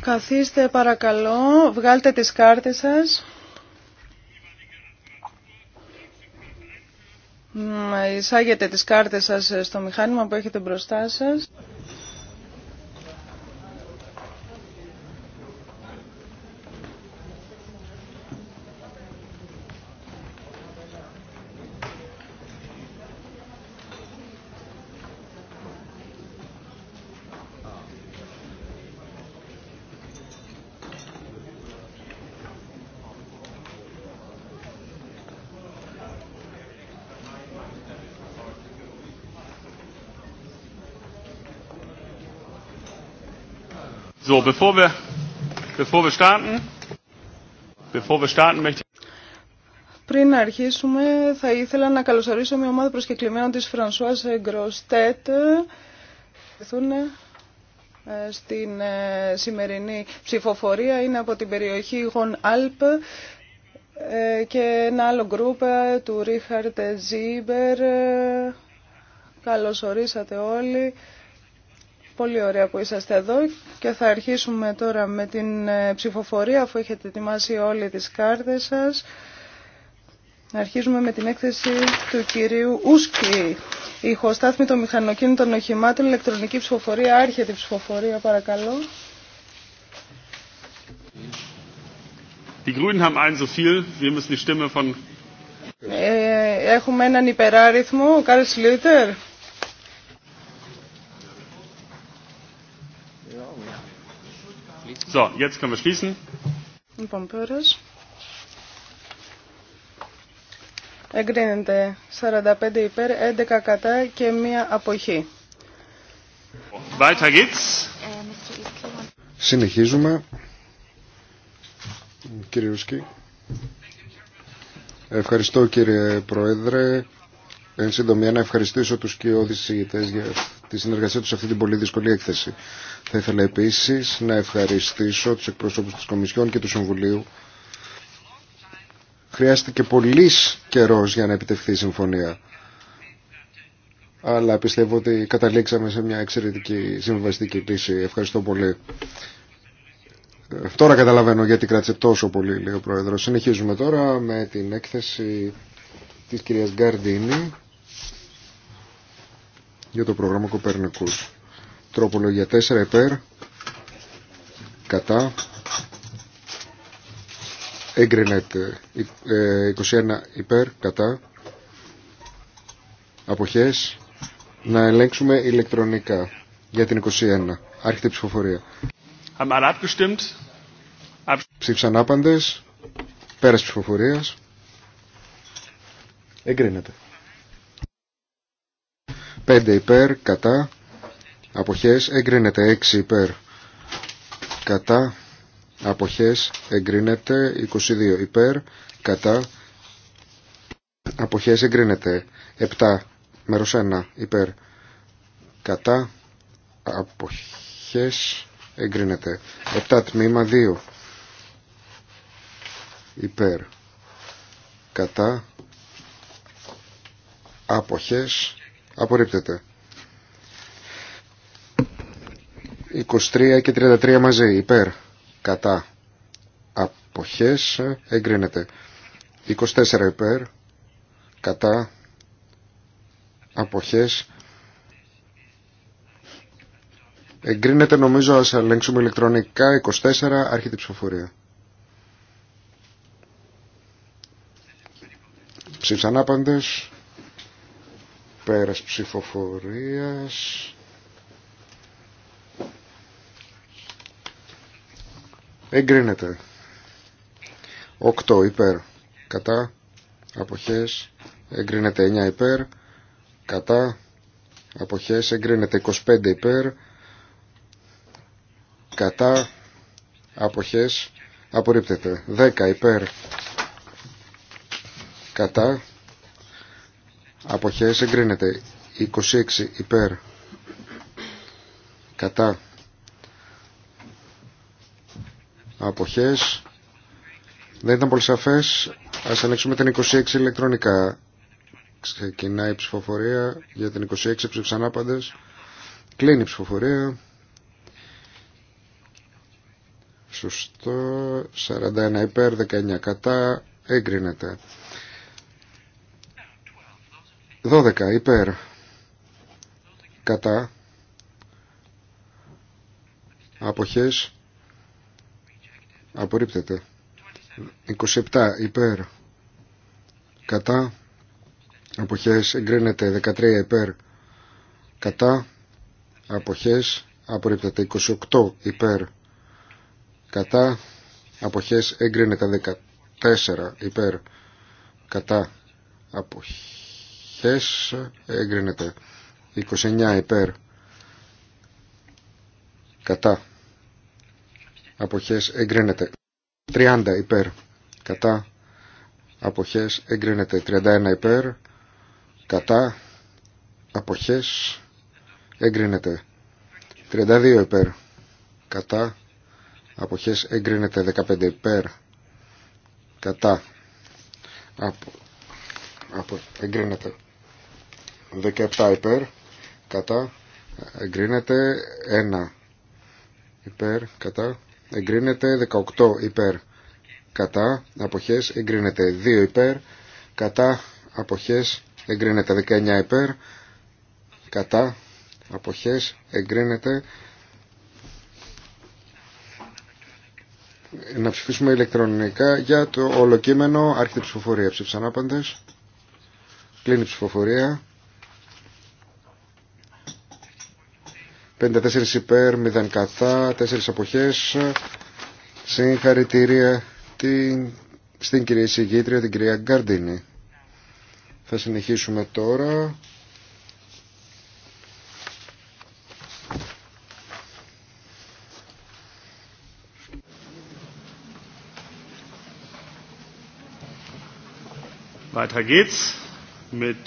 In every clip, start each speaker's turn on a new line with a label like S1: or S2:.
S1: Καθίστε παρακαλώ, βγάλτε τις κάρτες σας. Εισάγετε τις κάρτες σας στο μηχάνημα που έχετε μπροστά σας. πριν αρχίσουμε, θα ήθελα να καλωσορίσω μια ομάδα προσκεκλημένων της Φρανσουάς Γκροστέτ. Ε, στην ε, σημερινή ψηφοφορία είναι από την περιοχή Γον Αλπ ε, και ένα άλλο γκρουπ του Ρίχαρτ Ζίμπερ. Καλωσορίσατε όλοι. Πολύ ωραία που είσαστε εδώ και θα αρχίσουμε τώρα με την ε, ψηφοφορία αφού έχετε ετοιμάσει όλοι τις κάρτες σας. Αρχίζουμε με την έκθεση του κυρίου Ούσκη. Η των μηχανοκίνητων οχημάτων, ηλεκτρονική ψηφοφορία, άρχεται η ψηφοφορία παρακαλώ.
S2: Die Grünen haben einen so viel, wir müssen die Stimme von...
S1: Ε, έχουμε έναν υπεράριθμο, ο Καρλ
S2: So, jetzt können wir schließen.
S1: Λοιπόν, Εγκρίνεται 45 υπέρ, 11 κατά και μία αποχή.
S3: Συνεχίζουμε. Κύριε Ευχαριστώ κύριε Πρόεδρε. Εν συντομία να ευχαριστήσω τους και όδης για τη συνεργασία του σε αυτή την πολύ δύσκολη έκθεση. Θα ήθελα επίσης να ευχαριστήσω του εκπροσώπους της Κομισιόν και του Συμβουλίου. Χρειάστηκε πολύ καιρό για να επιτευχθεί η συμφωνία. Αλλά πιστεύω ότι καταλήξαμε σε μια εξαιρετική συμβαστική λύση. Ευχαριστώ πολύ. Τώρα καταλαβαίνω γιατί κράτησε τόσο πολύ, λέει ο Πρόεδρος. Συνεχίζουμε τώρα με την έκθεση της κυρίας Γκαρντίνη για το πρόγραμμα Κοπέρνικους. Τροπολογία 4 υπέρ, κατά, εγκρινέται 21 ε, υπέρ, κατά, αποχές, να ελέγξουμε ηλεκτρονικά για την 21. Άρχεται η ψηφοφορία. Ψήφισαν άπαντες, πέρας ψηφοφορίας, εγκρίνεται. 5 υπέρ, κατά, αποχές, εγκρίνεται 6 υπέρ, κατά, αποχές, εγκρίνεται 22 υπέρ, κατά, αποχές, εγκρίνεται 7 μέρος 1 υπέρ, κατά, αποχές, εγκρίνεται 7 τμήμα 2 υπέρ, κατά, αποχές, Απορρίπτεται. 23 και 33 μαζί. Υπέρ. Κατά. Αποχές. Εγκρίνεται. 24 υπέρ. Κατά. Αποχές. Εγκρίνεται νομίζω ας ελέγξουμε ηλεκτρονικά 24 άρχεται η ψηφοφορία. Ψήφισαν άπαντες. Πέρας ψηφοφορίας. Εγκρίνεται. 8 υπέρ. Κατά. Αποχές. Εγκρίνεται 9 υπέρ. Κατά. Αποχές. Εγκρίνεται 25 υπέρ. Κατά. Αποχές. Απορρίπτεται. 10 υπέρ. Κατά. Αποχές εγκρίνεται 26 υπέρ κατά αποχές δεν ήταν πολύ σαφές ας ανοίξουμε την 26 ηλεκτρονικά ξεκινάει η ψηφοφορία για την 26 ψηφανάπαντες κλείνει η ψηφοφορία σωστό 41 υπέρ 19 κατά εγκρίνεται 12 υπέρ κατά αποχές απορρίπτεται 27 υπέρ κατά αποχές εγκρίνεται 13 υπέρ κατά αποχές απορρίπτεται 28 υπέρ κατά αποχές εγκρίνεται 14 υπέρ κατά αποχές αποχές εγκρίνεται 29 υπέρ κατά αποχές εγκρίνεται 30 υπέρ κατά αποχές εγκρίνεται 31 υπέρ κατά αποχές εγκρίνεται 32 υπέρ κατά αποχές εγκρίνεται 15 υπέρ κατά από, από εγκρίνεται 17 υπέρ, κατά, εγκρίνεται 1 υπέρ, κατά, εγκρίνεται 18 υπέρ, κατά, αποχές, εγκρίνεται 2 υπέρ, κατά, αποχές, εγκρίνεται 19 υπέρ, κατά, αποχές, εγκρίνεται να ψηφίσουμε ηλεκτρονικά για το ολοκείμενο άρχιτε ψηφοφορία. Ψήφισαν άπαντες. Κλείνει ψηφοφορία. 54 υπέρ, 0 κατά, 4 αποχές. Συγχαρητήρια την... στην κυρία Συγγήτρια, την κυρία Γκαρντίνη. Θα συνεχίσουμε τώρα.
S2: Weiter geht's mit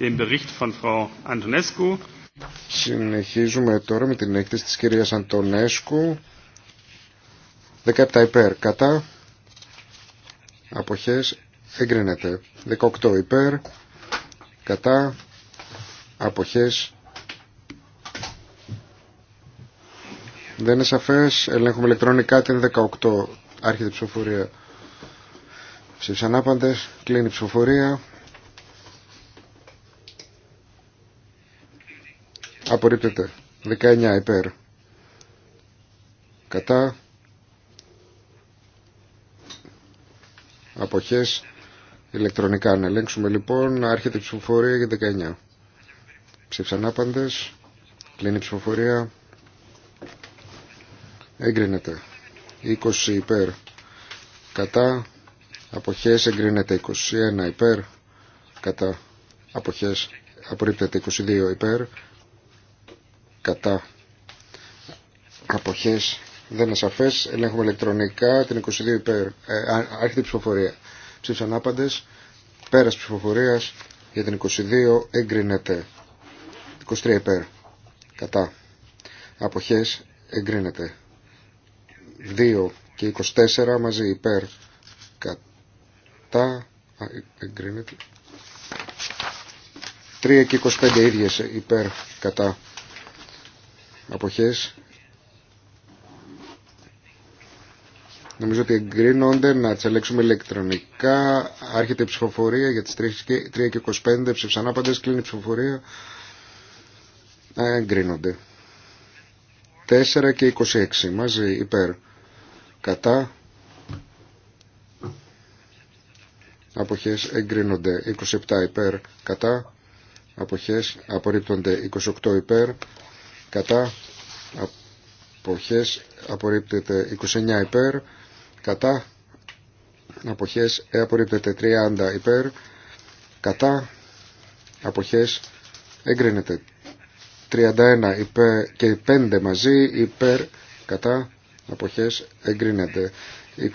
S2: dem Bericht von Frau Antonescu.
S3: Συνεχίζουμε τώρα με την έκθεση της κυρίας Αντωνέσκου. 17 υπέρ κατά. Αποχές εγκρίνεται. 18 υπέρ κατά. Αποχές Δεν είναι σαφές. Ελέγχουμε ηλεκτρονικά την 18. Άρχεται ψηφοφορία. Ψήφισαν Κλείνει ψηφοφορία. Απορρίπτεται. 19 υπέρ. Κατά. Αποχές. Ηλεκτρονικά να ελέγξουμε λοιπόν. Άρχεται η ψηφοφορία για 19. Ψήφισαν άπαντες. Κλείνει η ψηφοφορία. Εγκρίνεται. 20 υπέρ. Κατά. Αποχές εγκρίνεται 21 υπέρ. Κατά. Αποχές απορρίπτεται 22 υπέρ κατά αποχές δεν είναι σαφές ελέγχουμε ηλεκτρονικά την 22 υπέρ ε, άρχεται η ψηφοφορία ψήφισαν άπαντες πέρας ψηφοφορίας για την 22 εγκρίνεται 23 υπέρ κατά αποχές εγκρίνεται 2 και 24 μαζί υπέρ κατά εγκρίνεται 3 και 25 ίδιες υπέρ κατά αποχές νομίζω ότι εγκρίνονται να τι ελέγξουμε ηλεκτρονικά άρχεται η ψηφοφορία για τις 3 και 25 ψηφσανάπαντες κλείνει η ψηφοφορία ε, εγκρίνονται 4 και 26 μαζί υπέρ κατά αποχές εγκρίνονται 27 υπέρ κατά αποχές απορρίπτονται 28 υπέρ κατά αποχές απορρίπτεται 29 υπέρ κατά αποχές ε, απορρίπτεται 30 υπέρ κατά αποχές εγκρίνεται 31 υπέρ και 5 μαζί υπέρ κατά αποχές εγκρίνεται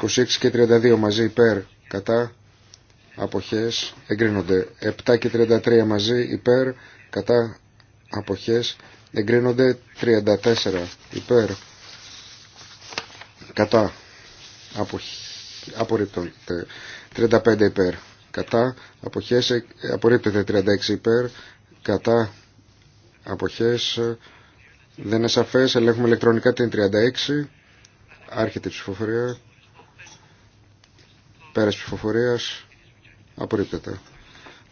S3: 26 και 32 μαζί υπέρ κατά αποχές εγκρίνονται 7 και 33 μαζί υπέρ κατά αποχές εγκρίνονται 34 υπέρ κατά απο, απορρίπτονται 35 υπέρ κατά αποχές ε, απορρίπτεται 36 υπέρ κατά αποχές δεν είναι σαφές ελέγχουμε ηλεκτρονικά την 36 άρχεται η ψηφοφορία πέρας ψηφοφορίας απορρίπτεται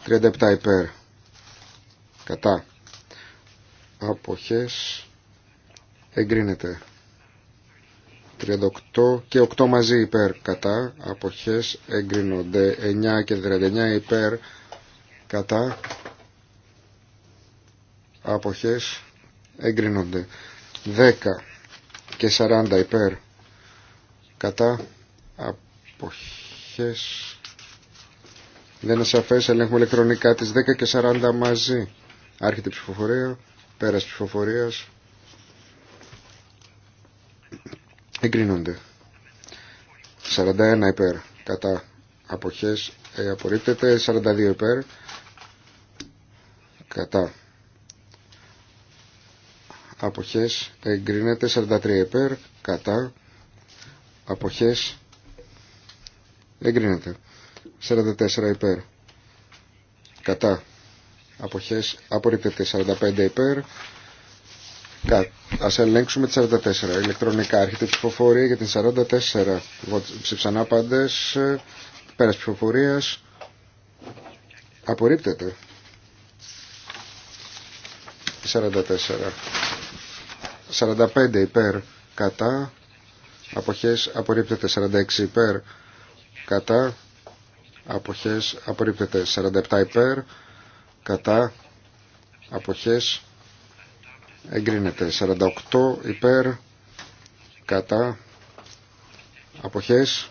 S3: 37 υπέρ κατά αποχές εγκρίνεται 38 και 8 μαζί υπέρ κατά αποχές εγκρίνονται 9 και 39 υπέρ κατά αποχές εγκρίνονται 10 και 40 υπέρ κατά αποχές δεν είναι σαφές ελέγχουμε ηλεκτρονικά τις 10 και 40 μαζί άρχεται η ψηφοφορία Πέρας ψηφοφορίας. Εγκρίνονται. 41 υπέρ. Κατά αποχές ε, απορρίπτεται. 42 υπέρ. Κατά αποχές εγκρίνεται. 43 υπέρ. Κατά αποχές εγκρίνεται. 44 υπέρ. Κατά αποχές απορρίπτεται 45 υπέρ Κα... Ας ελέγξουμε τη 44 ηλεκτρονικά έρχεται ψηφοφορία για την 44 ψήψαν πάντες πέρας ψηφοφορίας απορρίπτεται 44 45 υπέρ κατά αποχές απορρίπτεται 46 υπέρ κατά αποχές απορρίπτεται 47 υπέρ κατά αποχές εγκρίνεται 48 υπέρ κατά αποχές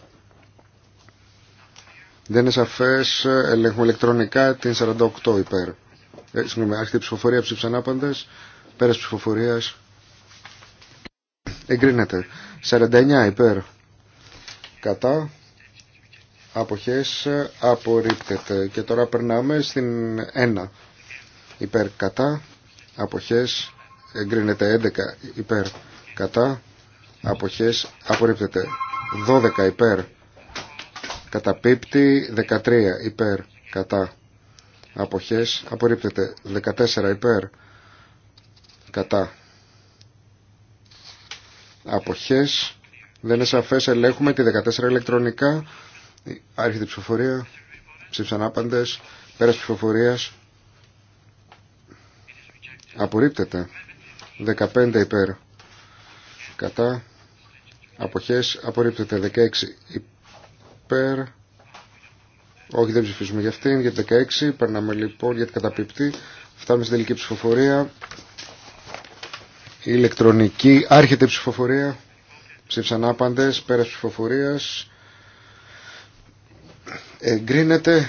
S3: δεν είναι σαφές ελέγχουμε ηλεκτρονικά την 48 υπέρ ε, συγγνώμη άρχεται η ψηφοφορία ψήψαν πέρας ψηφοφορίας εγκρίνεται 49 υπέρ κατά αποχές απορρίπτεται και τώρα περνάμε στην 1 υπέρ κατά αποχές εγκρίνεται 11 υπέρ κατά αποχές απορρίπτεται 12 υπέρ καταπίπτει 13 υπέρ κατά αποχές απορρίπτεται 14 υπέρ κατά αποχές δεν είναι σαφές ελέγχουμε τη 14 ηλεκτρονικά Άρχεται η ψηφοφορία. Ψήφισαν άπαντε. Πέρα ψηφοφορία. Απορρίπτεται. 15 υπέρ. Κατά. Αποχές. Απορρίπτεται. 16 υπέρ. Όχι, δεν ψηφίζουμε για αυτήν. Για 16. Περνάμε λοιπόν για την καταπληκτή. Φτάνουμε στην τελική ψηφοφορία. Η ηλεκτρονική. Άρχεται η ψηφοφορία. Ψήφισαν άπαντε. Πέρα ψηφοφορία. Εγκρίνεται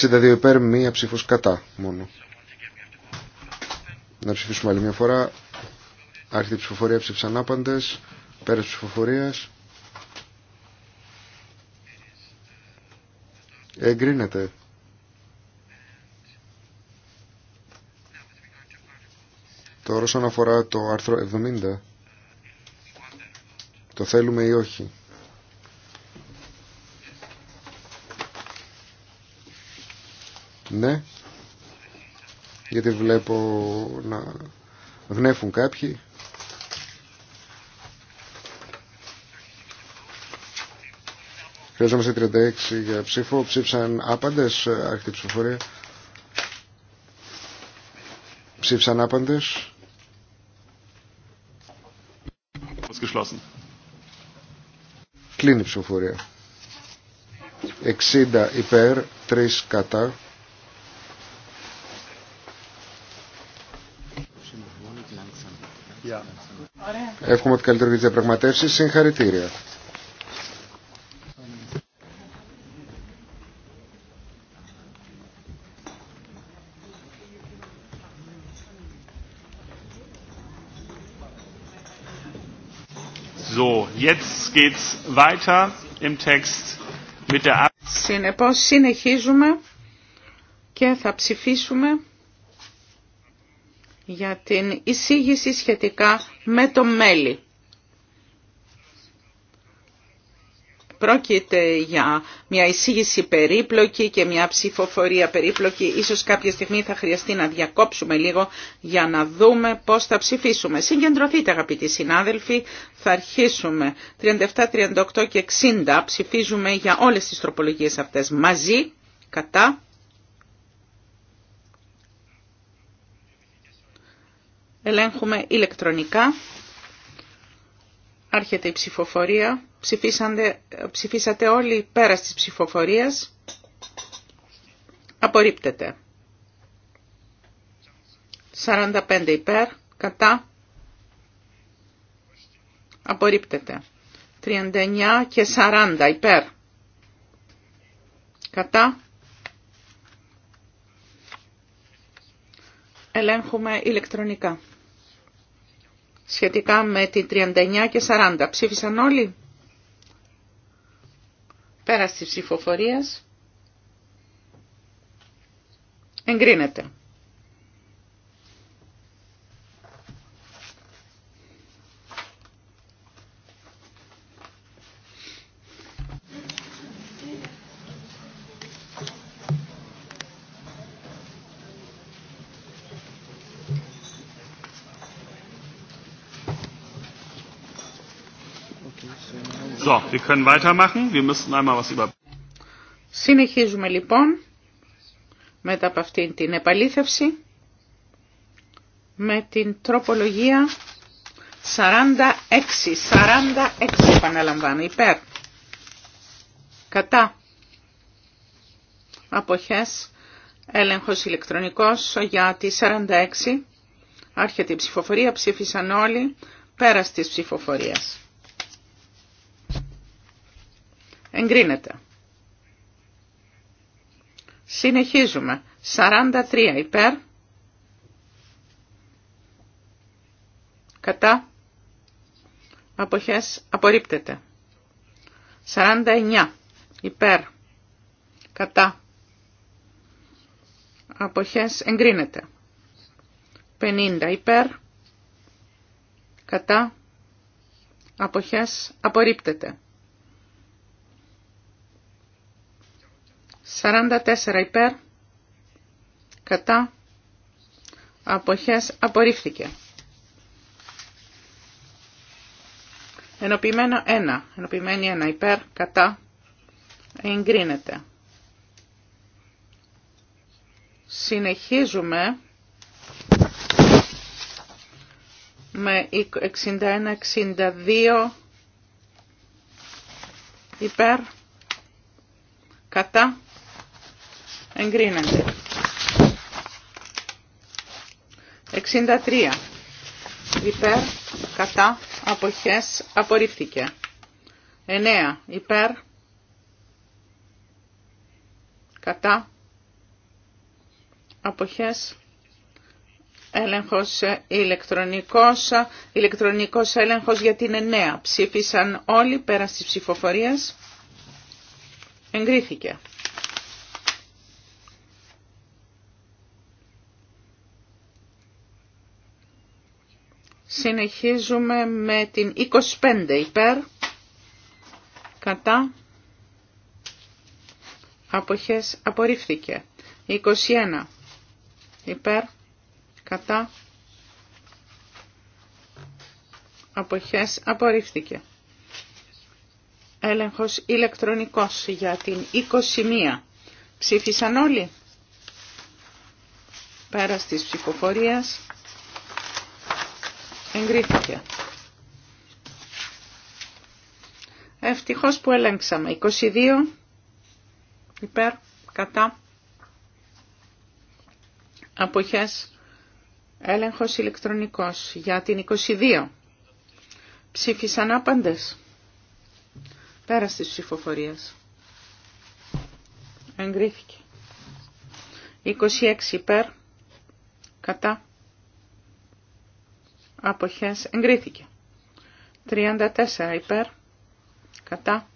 S3: 62 υπέρ, μία ψήφος κατά μόνο. Να ψηφίσουμε άλλη μια φορά. Άρχεται η ψηφοφορία ψήφισαν άπαντες. Πέρας ψηφοφορίας. Εγκρίνεται. Τώρα όσον αφορά το άρθρο 70. Το θέλουμε ή όχι. Ναι. Γιατί βλέπω να γνέφουν κάποιοι. Χρειαζόμαστε 36 για ψήφο. Ψήφισαν άπαντες, άρχιτη ψηφοφορία. Ψήφισαν άπαντες. Κλείνει η ψηφοφορία. 60 υπέρ, 3 κατά. Εύχομαι ότι καλύτερο για τις διαπραγματεύσεις. Συγχαρητήρια.
S2: So, jetzt geht's weiter im Text mit der
S4: Συνεπώς συνεχίζουμε και θα ψηφίσουμε για την εισήγηση σχετικά με το μέλι. Πρόκειται για μια εισήγηση περίπλοκη και μια ψηφοφορία περίπλοκη. Ίσως κάποια στιγμή θα χρειαστεί να διακόψουμε λίγο για να δούμε πώς θα ψηφίσουμε. Συγκεντρωθείτε αγαπητοί συνάδελφοι, θα αρχίσουμε 37, 38 και 60. Ψηφίζουμε για όλες τις τροπολογίες αυτές μαζί, κατά, Ελέγχουμε ηλεκτρονικά. Άρχεται η ψηφοφορία. Ψηφίσατε, ψηφίσατε όλοι πέρα της ψηφοφορίας. Απορρίπτεται. 45 υπέρ, κατά. Απορρίπτεται. 39 και 40 υπέρ. Κατά. Ελέγχουμε ηλεκτρονικά σχετικά με την 39 και 40. Ψήφισαν όλοι. πέρα τη ψηφοφορίας. Εγκρίνεται. Συνεχίζουμε λοιπόν μετά από αυτήν την επαλήθευση με την τροπολογία 46, 46 επαναλαμβάνω, υπέρ, κατά, αποχές, έλεγχος ηλεκτρονικός για τη 46, άρχεται η ψηφοφορία, ψήφισαν όλοι, πέρας της ψηφοφορίας. Εγκρίνεται. Συνεχίζουμε. 43 υπέρ. Κατά. Αποχές απορρίπτεται. 49 υπέρ. Κατά. Αποχές εγκρίνεται. 50 υπέρ. Κατά. Αποχές απορρίπτεται. 44 υπέρ, κατά, αποχές, απορρίφθηκε. Ενοποιημένο 1, ενοποιημένη 1 υπέρ, κατά, εγκρίνεται. Συνεχίζουμε με 61-62 υπέρ, κατά, εγκρίνεται. 63. Υπέρ, κατά, αποχές, απορρίφθηκε. 9. Υπέρ, κατά, αποχές, έλεγχος ηλεκτρονικός, ηλεκτρονικός έλεγχος για την 9. Ψήφισαν όλοι πέρα της ψηφοφορίας. Εγκρίθηκε. Συνεχίζουμε με την 25 υπέρ, κατά, αποχές απορρίφθηκε. 21 υπέρ, κατά, αποχές απορρίφθηκε. Έλεγχος ηλεκτρονικός για την 21. Ψήφισαν όλοι. Πέρας της ψηφοφορίας Εγκρίθηκε. Ευτυχώς που ελέγξαμε. 22 υπέρ, κατά, αποχές, έλεγχος ηλεκτρονικός για την 22. Ψήφισαν άπαντες. πέρα τη ψηφοφορίες. Εγκρίθηκε. 26 υπέρ, κατά, αποχές εγκρίθηκε. 34 υπέρ, κατά,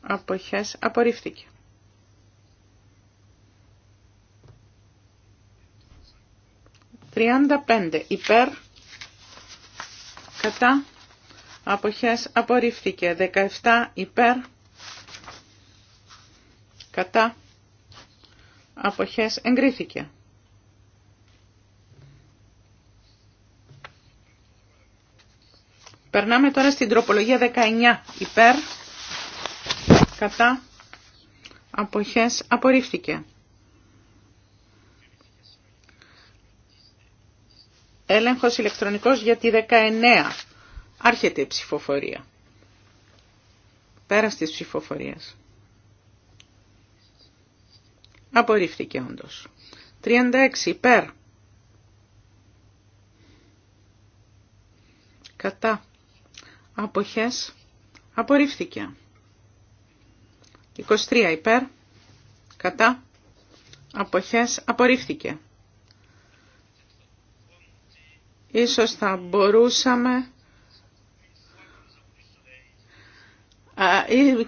S4: αποχές απορρίφθηκε. 35 υπέρ, κατά, αποχές απορρίφθηκε. 17 υπέρ, κατά, αποχές εγκρίθηκε. Περνάμε τώρα στην τροπολογία 19 υπέρ, κατά, αποχές, απορρίφθηκε. Έλεγχος ηλεκτρονικός για τη 19. Άρχεται η ψηφοφορία. Πέρα της ψηφοφορίας. Απορρίφθηκε όντως. 36 υπέρ. Κατά αποχές απορρίφθηκε. 23 υπέρ, κατά, αποχές απορρίφθηκε. Ίσως θα μπορούσαμε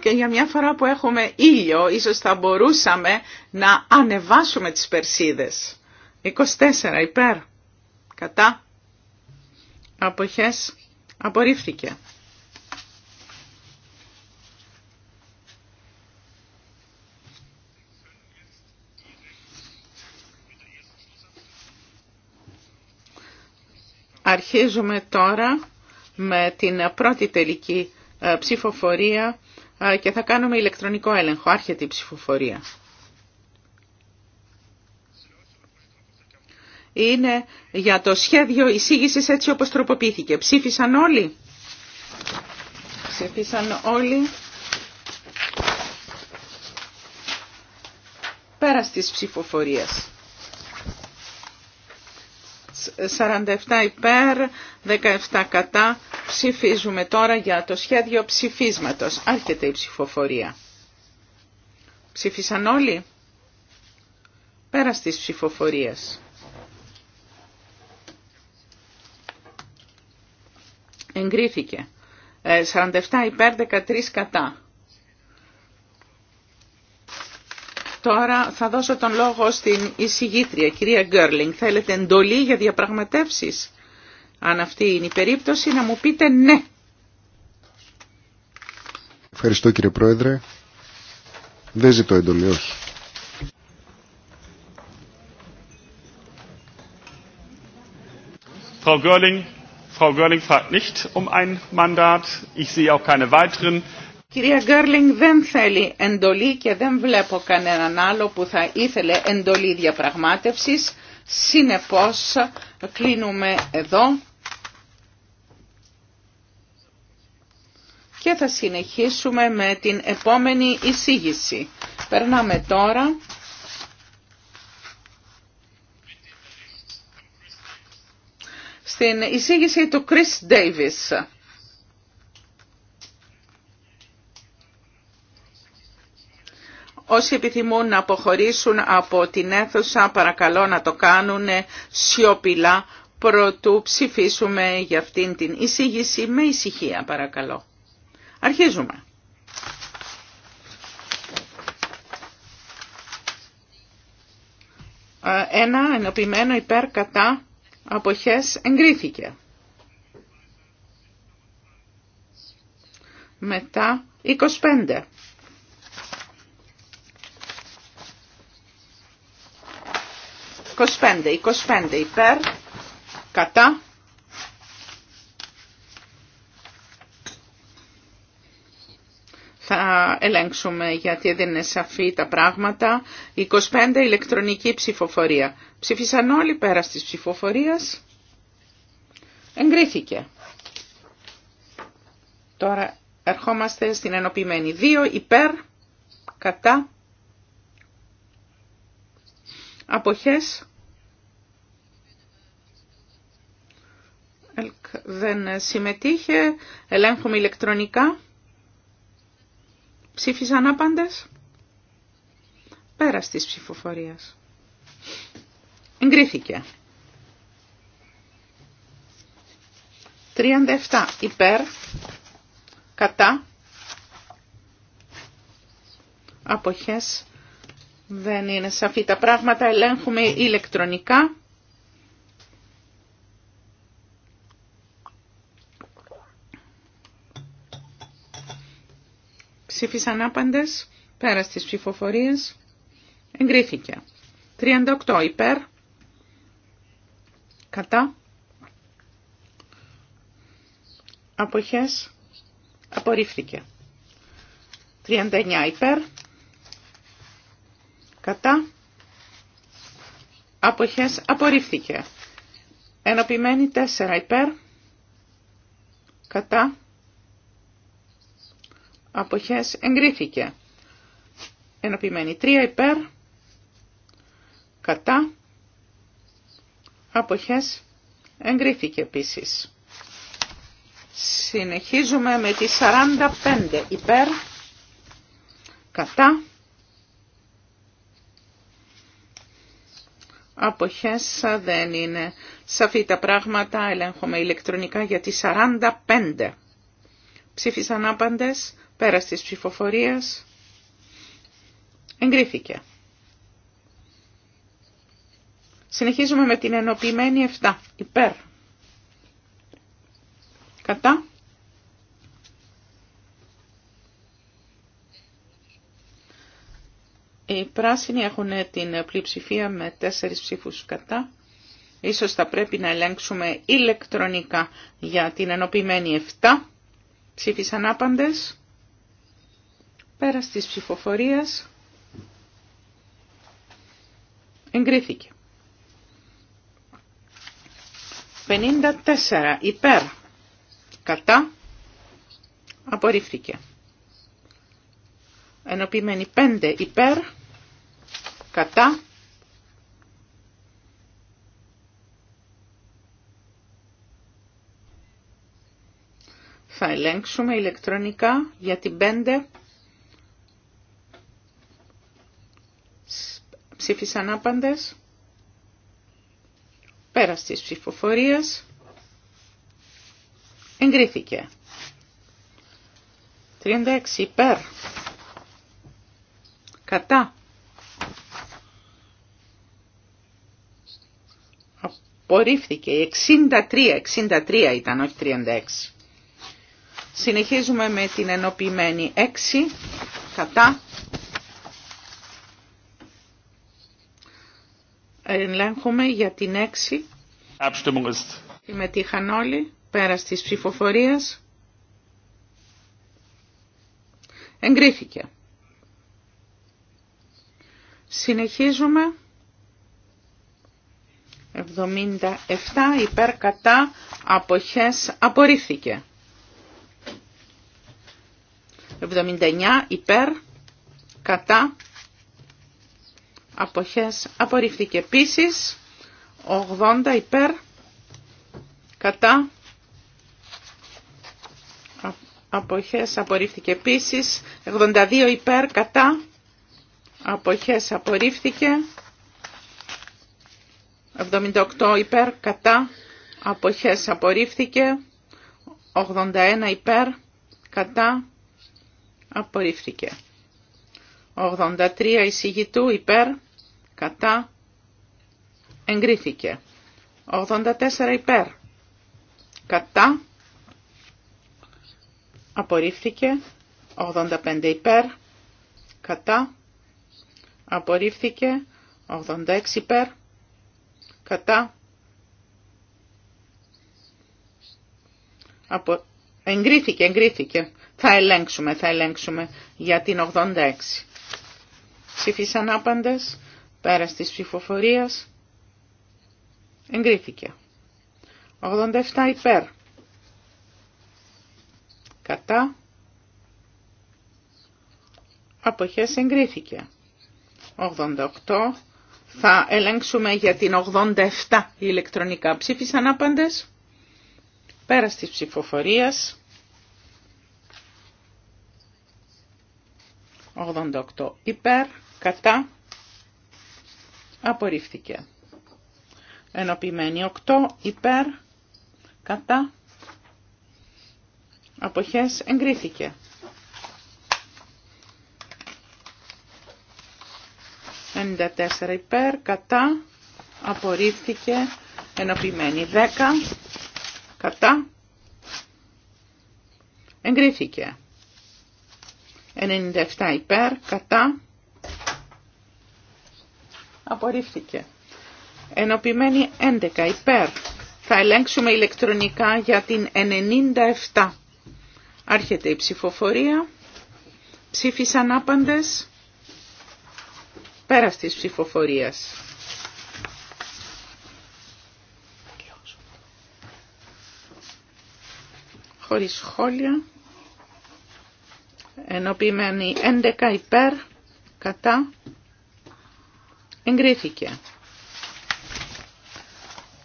S4: και για μια φορά που έχουμε ήλιο, ίσως θα μπορούσαμε να ανεβάσουμε τις Περσίδες. 24 υπέρ, κατά, αποχές απορρίφθηκε. Αρχίζουμε τώρα με την πρώτη τελική ε, ψηφοφορία ε, και θα κάνουμε ηλεκτρονικό έλεγχο. Άρχεται η ψηφοφορία. Είναι για το σχέδιο εισήγηση έτσι όπως τροποποιήθηκε. Ψήφισαν όλοι. Ψήφισαν όλοι. Πέρα της ψηφοφορίας. 47 υπέρ, 17 κατά. Ψηφίζουμε τώρα για το σχέδιο ψηφίσματος. Άρχεται η ψηφοφορία. Ψήφισαν όλοι. Πέρα στις ψηφοφορίες. Εγκρίθηκε. 47 ε, υπέρ, 13 κατά. Τώρα θα δώσω τον λόγο στην εισηγήτρια, κυρία Γκέρλινγκ. Θέλετε εντολή για διαπραγματεύσεις. Αν αυτή είναι η περίπτωση, να μου πείτε ναι.
S3: Ευχαριστώ κύριε Πρόεδρε. Δεν ζητώ εντολή, όχι.
S2: Frau Görling, Frau Görling fragt nicht um ein Mandat. Ich sehe auch keine weiteren.
S4: Κυρία Γκέρλινγκ δεν θέλει εντολή και δεν βλέπω κανέναν άλλο που θα ήθελε εντολή διαπραγμάτευσης. Συνεπώς κλείνουμε εδώ και θα συνεχίσουμε με την επόμενη εισήγηση. Περνάμε τώρα στην εισήγηση του Chris Davis. Όσοι επιθυμούν να αποχωρήσουν από την αίθουσα παρακαλώ να το κάνουν σιωπηλά προτού ψηφίσουμε για αυτήν την εισήγηση με ησυχία παρακαλώ. Αρχίζουμε. Ένα ενωπημένο υπέρ κατά αποχές εγκρίθηκε. Μετά 25. 25. 25 υπέρ. Κατά. Θα ελέγξουμε γιατί δεν είναι σαφή τα πράγματα. 25 ηλεκτρονική ψηφοφορία. Ψήφισαν όλοι πέρα της ψηφοφορίας. Εγκρίθηκε. Τώρα ερχόμαστε στην ενοποιημένη. 2 υπέρ, κατά, αποχές, δεν συμμετείχε. Ελέγχουμε ηλεκτρονικά. Ψήφισαν άπαντες. Πέρας της ψηφοφορίας. Εγκρίθηκε. 37 υπέρ, κατά, αποχές, δεν είναι σαφή τα πράγματα, ελέγχουμε ηλεκτρονικά. Ψήφισαν άπαντες, πέρα στις ψηφοφορίες, εγκρίθηκε. 38 υπέρ, κατά, αποχές, απορρίφθηκε. 39 υπέρ, κατά, αποχές, απορρίφθηκε. Ενωπημένη 4 υπέρ, κατά, αποχές εγκρίθηκε. Ενωπημένη. 3 υπέρ, κατά, αποχές εγκρίθηκε επίσης. Συνεχίζουμε με τη 45 υπέρ, κατά, αποχές δεν είναι σαφή τα πράγματα, ελέγχουμε ηλεκτρονικά για τη 45. Ψήφισαν άπαντες, Πέρας της ψηφοφορίας εγκρίθηκε. Συνεχίζουμε με την ενοποιημένη 7. Υπέρ. Κατά. Οι πράσινοι έχουν την πλειοψηφία με τέσσερις ψήφους κατά. Ίσως θα πρέπει να ελέγξουμε ηλεκτρονικά για την ενοποιημένη 7. Ψήφισαν άπαντες. Πέρας της ψηφοφορίας εγκρίθηκε. 54 υπέρ κατά απορρίφθηκε. Ενωπημένη 5 υπέρ κατά θα ελέγξουμε ηλεκτρονικά για την 5 Ψήφισαν άπαντες. Πέρας της ψηφοφορίας. Εγκρίθηκε. 36 υπέρ. Κατά. Απορρίφθηκε. 63. 63 ήταν, όχι 36. Συνεχίζουμε με την ενοποιημένη 6. Κατά. Ελέγχουμε για την 6. Συμμετείχαν όλοι πέρα τη ψηφοφορία. Εγκρίθηκε. Συνεχίζουμε. 77 υπέρ κατά αποχές απορρίφθηκε. 79 υπέρ κατά αποχές απορρίφθηκε. Επίσης 80 υπέρ κατά αποχές απορρίφθηκε. Επίσης 82 υπέρ κατά αποχές απορρίφθηκε. 78 υπέρ κατά αποχές απορρίφθηκε. 81 υπέρ κατά απορρίφθηκε. 83 εισηγητού υπέρ, κατά, εγκρίθηκε. 84 υπέρ, κατά, απορρίφθηκε. 85 υπέρ, κατά, απορρίφθηκε. 86 υπέρ, κατά, απο... εγκρίθηκε, εγκρίθηκε. Θα ελέγξουμε, θα ελέγξουμε για την 86. Ψήφισαν άπαντες, πέρας της ψηφοφορίας, εγκρίθηκε. 87 υπέρ, κατά, αποχές εγκρίθηκε. 88 θα ελέγξουμε για την 87 ηλεκτρονικά. Ψήφισαν άπαντες, Πέρα της ψηφοφορίας, 88 υπέρ, κατά απορρίφθηκε. Ενοποιημένη 8 υπέρ κατά αποχές εγκρίθηκε. ...94 υπέρ, κατά, απορρίφθηκε, ενοποιημένη 10, κατά, εγκρίθηκε. 97 υπέρ, κατά, Απορρίφθηκε. Ενοποιημένη 11 υπέρ. Θα ελέγξουμε ηλεκτρονικά για την 97. Άρχεται η ψηφοφορία. Ψήφισαν άπαντες. Πέρας της ψηφοφορίας. Χωρίς σχόλια. Ενοποιημένη 11 υπέρ. Κατά. Εγκρίθηκε.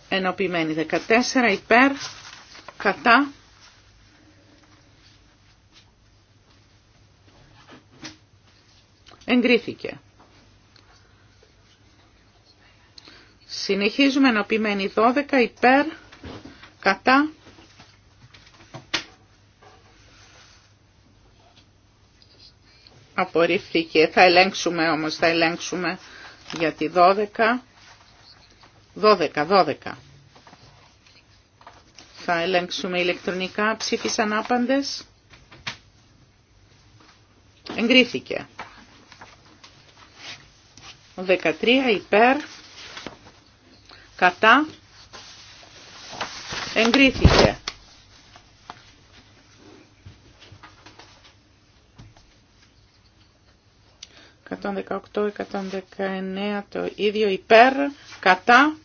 S4: Ενωπημένη 14 υπέρ κατά εγκρίθηκε. Συνεχίζουμε ενωπημένη 12 υπέρ κατά απορρίφθηκε. Θα ελέγξουμε όμως, θα ελέγξουμε γιατί τη 12, 12, 12. Θα ελέγξουμε ηλεκτρονικά. Ψήφισαν άπαντες. Εγκρίθηκε. 13 υπέρ. Κατά. Εγκρίθηκε. 118, 119 το ίδιο υπέρ, κατά,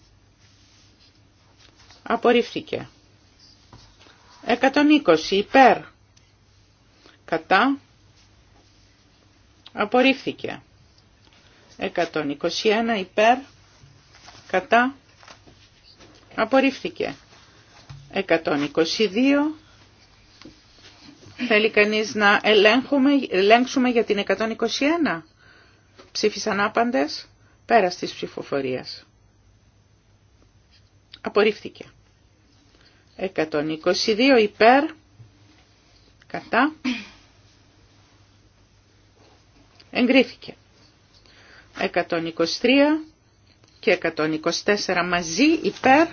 S4: απορρίφθηκε. 120 υπέρ, κατά, απορρίφθηκε. 121 υπέρ, κατά, απορρίφθηκε. 122 Θέλει κανείς να ελέγχουμε, ελέγξουμε για την 121. Ψήφισαν άπαντες, πέρα της ψηφοφορίας. Απορρίφθηκε. 122 υπέρ, κατά, εγκρίθηκε. 123 και 124 μαζί υπέρ,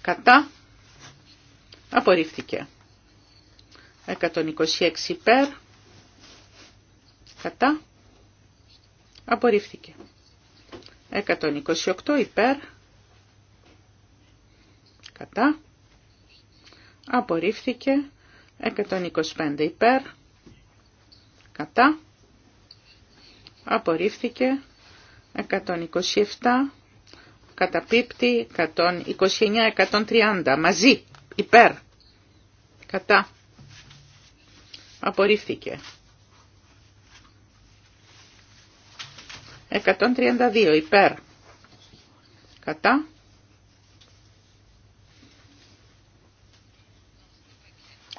S4: κατά, απορρίφθηκε. 126 υπέρ, κατά, Απορρίφθηκε. 128 υπέρ. Κατά. Απορρίφθηκε. 125 υπέρ. Κατά. Απορρίφθηκε. 127. Καταπίπτει. 129. 130. Μαζί. Υπέρ. Κατά. Απορρίφθηκε. 132 υπέρ. Κατά.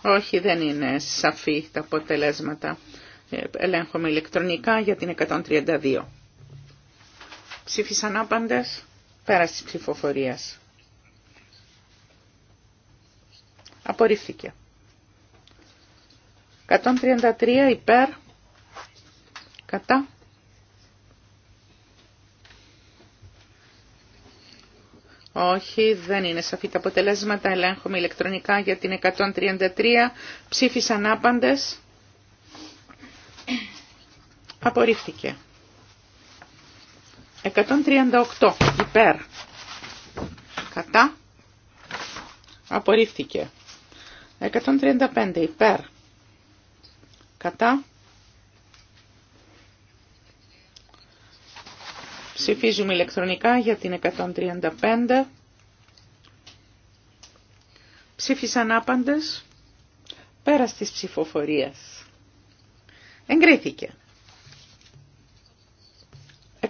S4: Όχι, δεν είναι σαφή τα αποτελέσματα. Ε, ελέγχομαι ηλεκτρονικά για την 132. Ψήφισαν άπαντες πέρας της ψηφοφορίας. Απορρίφθηκε. 133 υπέρ, κατά, Όχι, δεν είναι σαφή τα αποτελέσματα. Ελέγχομαι ηλεκτρονικά για την 133. Ψήφισαν άπαντες. Απορρίφθηκε. 138. Υπέρ. Κατά. Απορρίφθηκε. 135. Υπέρ. Κατά. Ψηφίζουμε ηλεκτρονικά για την 135. Ψήφισαν άπαντες πέρα της ψηφοφορίας. Εγκρίθηκε. 136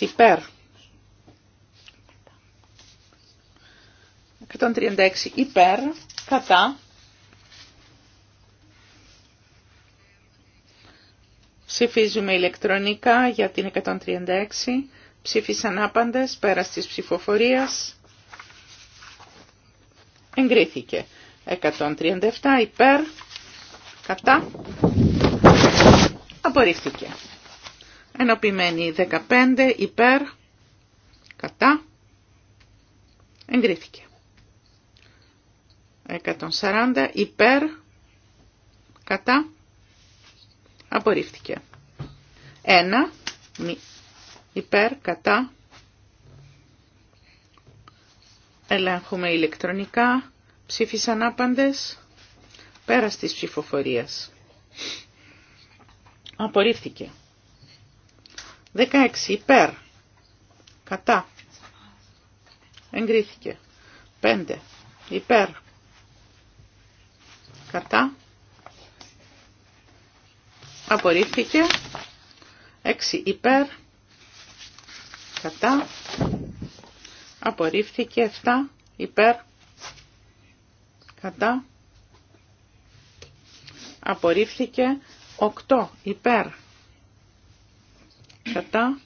S4: υπέρ. 136 υπέρ, κατά. Ψηφίζουμε ηλεκτρονικά για την 136. Ψήφισαν άπαντες πέρας της ψηφοφορίας. Εγκρίθηκε. 137 υπέρ. Κατά. Απορρίφθηκε. Ενωπημένη 15 υπέρ. Κατά. Εγκρίθηκε. 140 υπέρ. Κατά. Απορρίφθηκε. 1 υπέρ, κατά. Ελέγχουμε ηλεκτρονικά. Ψήφισαν άπαντες. πέρα της ψηφοφορίας. Απορρίφθηκε. 16 υπέρ. Κατά. Εγκρίθηκε. 5 υπέρ. Κατά. Απορρίφθηκε. 6 υπέρ κατά, απορρίφθηκε 7 υπέρ, κατά, απορρίφθηκε 8 υπέρ, κατά,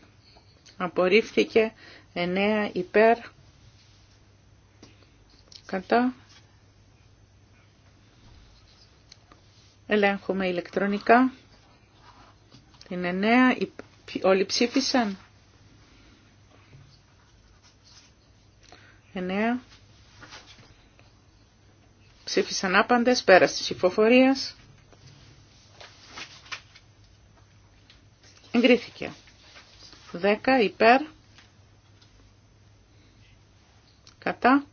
S4: απορρίφθηκε 9 υπέρ, κατά, ελέγχουμε ηλεκτρονικά, την 9 όλοι ψήφισαν. 9. Ψήφισαν άπαντες, πέραση της Εγκρίθηκε. 10 υπέρ. Κατά.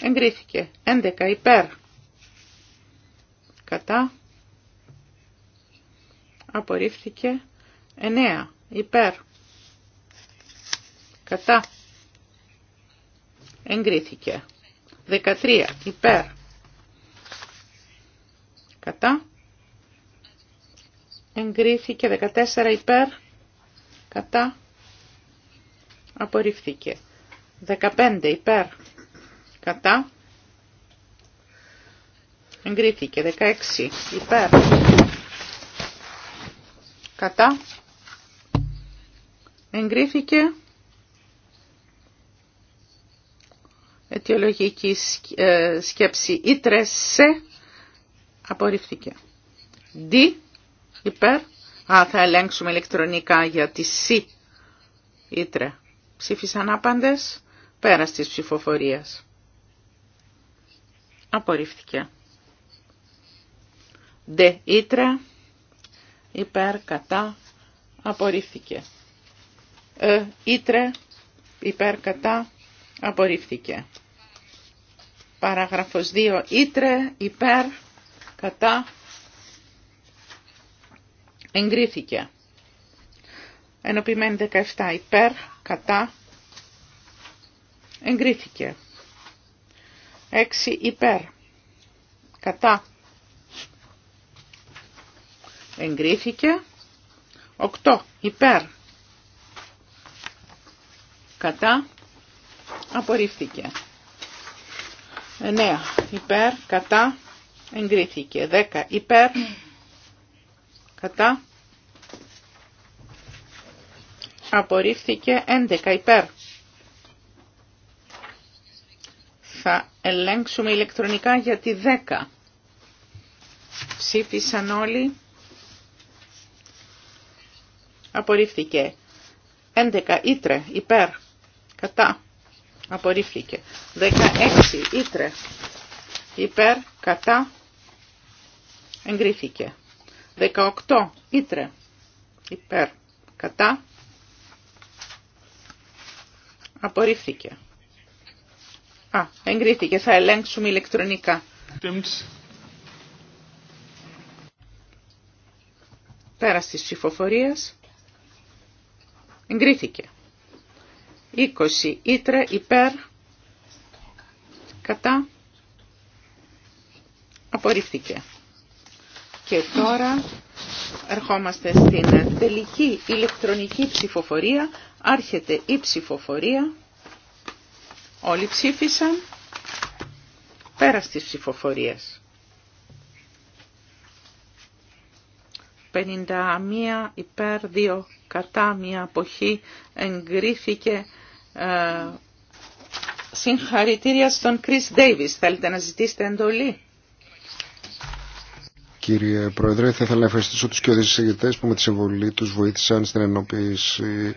S4: Εγκρίθηκε. 11 υπέρ. Κατά. Απορρίφθηκε. 9 υπέρ. Κατά εγκρίθηκε. 13 υπέρ κατά εγκρίθηκε. 14 υπέρ κατά απορριφθήκε. 15 υπέρ κατά εγκρίθηκε. 16 υπέρ κατά εγκρίθηκε. αιτιολογική ε, σκέψη ήτρε σε απορριφθήκε. Δι υπέρ. Α, θα ελέγξουμε ηλεκτρονικά για τη ΣΥ ήτρε. Ψήφισαν άπαντες πέρα της ψηφοφορίας. Απορρίφθηκε. Δε ήτρε υπέρ κατά απορρίφθηκε. Ε, ήτρε υπέρ κατά απορρίφθηκε. Παράγραφος 2 Ήτρε υπέρ κατά εγκρίθηκε. Ενωπημένη 17 υπέρ κατά εγκρίθηκε. 6 υπέρ κατά εγκρίθηκε. 8 υπέρ κατά απορρίφθηκε. 9 υπέρ, κατά, εγκρίθηκε. 10 υπέρ, κατά, απορρίφθηκε. 11 υπέρ. Θα ελέγξουμε ηλεκτρονικά για τη 10. Ψήφισαν όλοι. Απορρίφθηκε. 11 ήτρε υπέρ, κατά Απορρίφθηκε. 16 ήτρε. Υπέρ, κατά, εγκρίθηκε. 18 ήτρε. Υπέρ, κατά, απορρίφθηκε. Α, εγκρίθηκε. Θα ελέγξουμε ηλεκτρονικά. Πέρα τη ψηφοφορίες, εγκρίθηκε. 20 ήτρε υπέρ κατά απορρίφθηκε. Και τώρα ερχόμαστε στην τελική ηλεκτρονική ψηφοφορία. Άρχεται η ψηφοφορία. Όλοι ψήφισαν πέρα στις ψηφοφορίες. 51 υπέρ 2 κατά μία αποχή εγκρίθηκε ε, συγχαρητήρια στον Κρίς Ντέιβις. Θέλετε να ζητήσετε εντολή.
S3: Κύριε Πρόεδρε, θα ήθελα να ευχαριστήσω τους κοιόδης εισηγητές που με τη συμβολή τους βοήθησαν στην ενοποίηση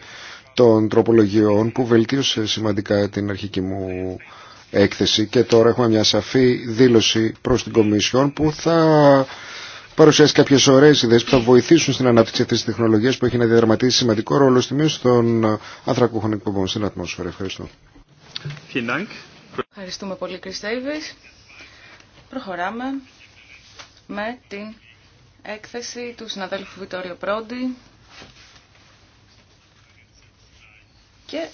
S3: των τροπολογιών που βελτίωσε σημαντικά την αρχική μου έκθεση και τώρα έχουμε μια σαφή δήλωση προς την Κομισιόν που θα παρουσιάσει κάποιε ωραίε ιδέε που θα βοηθήσουν στην ανάπτυξη αυτή τη τεχνολογία που έχει να διαδραματίσει σημαντικό ρόλο στη μείωση των ε, ανθρακούχων εκπομπών στην ατμόσφαιρα. Ευχαριστώ.
S5: Ευχαριστούμε πολύ, Κρυστέιβι. Προχωράμε με την έκθεση του συναδέλφου Βιτόριο Πρόντι. Και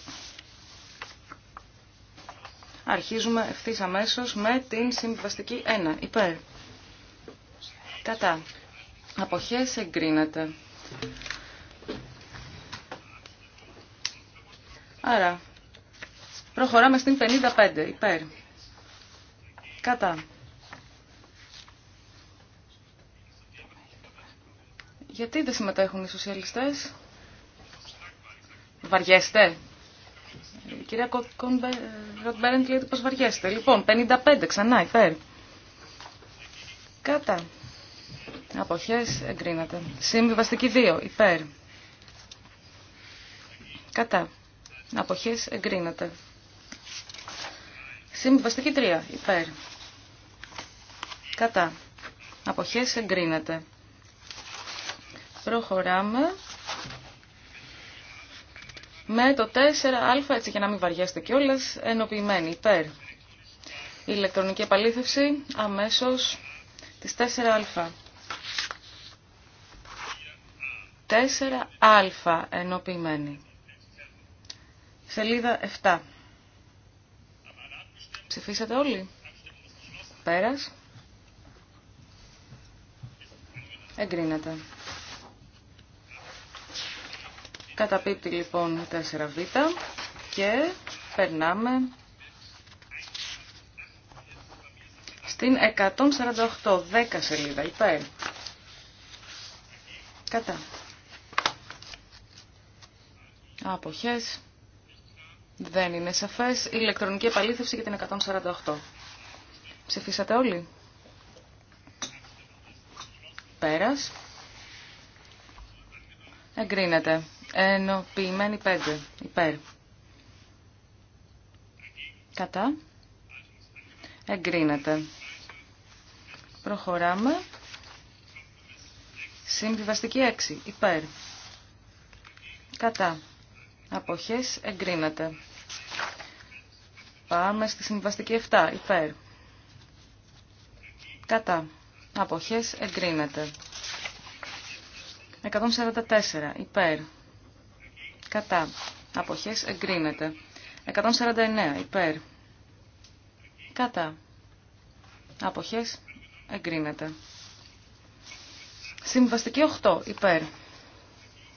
S5: αρχίζουμε ευθύ αμέσω με την συμβιβαστική 1. Υπέρ. Κατά. Αποχές εγκρίνεται. Άρα, προχωράμε στην 55, υπέρ. Κατά. Γιατί δεν συμμετέχουν οι σοσιαλιστές. Βαριέστε. Η κυρία Κοντμπέρεντ λέει πως βαριέστε. Λοιπόν, 55 ξανά, υπέρ. Κατά. Αποχές εγκρίνεται. Συμβιβαστική 2. Υπέρ. Κατά. Αποχές εγκρίνεται. Συμβιβαστική 3. Υπέρ. Κατά. Αποχές εγκρίνεται. Προχωράμε με το 4α, έτσι για να μην βαριέστε κιόλα, ενοποιημένη υπέρ. Η ηλεκτρονική επαλήθευση αμέσως της 4α. 4α εννοποιημένη. Σελίδα 7. Ψηφίσατε όλοι. Πέρας. Εγκρίνατε. Καταπίπτει λοιπόν 4β και περνάμε στην 148, 10 σελίδα, υπέρ. Κατά. Αποχές. Δεν είναι σαφές. Ηλεκτρονική επαλήθευση για την 148. Ψηφίσατε όλοι. Πέρας. Εγκρίνεται. Ενοποιημένη 5. Υπέρ. Κατά. Εγκρίνεται. Προχωράμε. Συμβιβαστική 6. Υπέρ. Κατά αποχές εγκρίνεται. Πάμε στη συμβαστική 7, υπέρ. Κατά. Αποχές εγκρίνεται. 144, υπέρ. Κατά. Αποχές εγκρίνεται. 149, υπέρ. Κατά. Αποχές εγκρίνεται. Συμβαστική 8, υπέρ.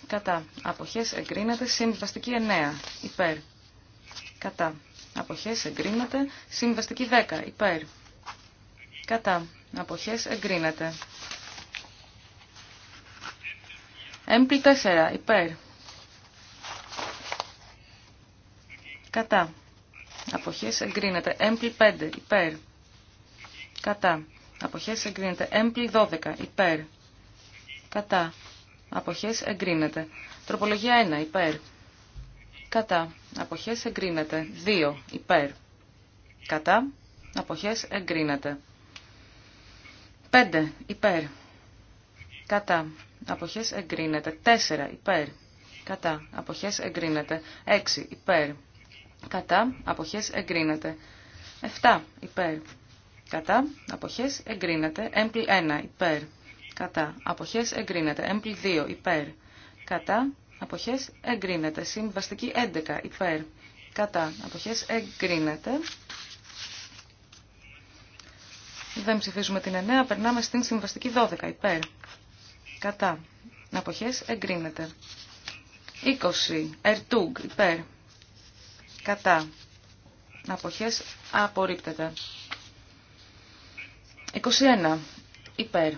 S5: Κατά. Αποχές εγκρίνεται. Συμβαστική 9. Υπέρ. Κατά. Αποχές εγκρίνεται. Συμβαστική 10. Υπέρ. Κατά. Αποχές εγκρίνεται. Έμπλη 4. Υπέρ. Κατά. Αποχές εγκρίνεται. Έμπλη 5. Υπέρ. Κατά. Αποχές εγκρίνεται. Έμπλη 12. Υπέρ. Κατά. Αποχές εγκρίνεται. Τροπολογία 1. Υπέρ. Κατά. Αποχές εγκρίνεται. 2. Υπέρ. Κατά. Αποχές εγκρίνεται. 5. Υπέρ. Κατά. Αποχές εγκρίνεται. 4. Υπέρ. Κατά. Αποχές εγκρίνεται. 6. Υπέρ. Κατά. Αποχές εγκρίνεται. 7. Υπέρ. Κατά. Αποχές εγκρίνεται. Έμπλη 1. Υπέρ κατά, αποχές εγκρίνεται. Έμπλη 2 υπέρ, κατά, αποχές εγκρίνεται. Συμβαστική 11 υπέρ, κατά, αποχές εγκρίνεται. Δεν ψηφίζουμε την 9, περνάμε στην συμβαστική 12 υπέρ, κατά, αποχές εγκρίνεται. 20 ερτούγκ υπέρ, κατά, αποχές απορρίπτεται. 21 υπέρ,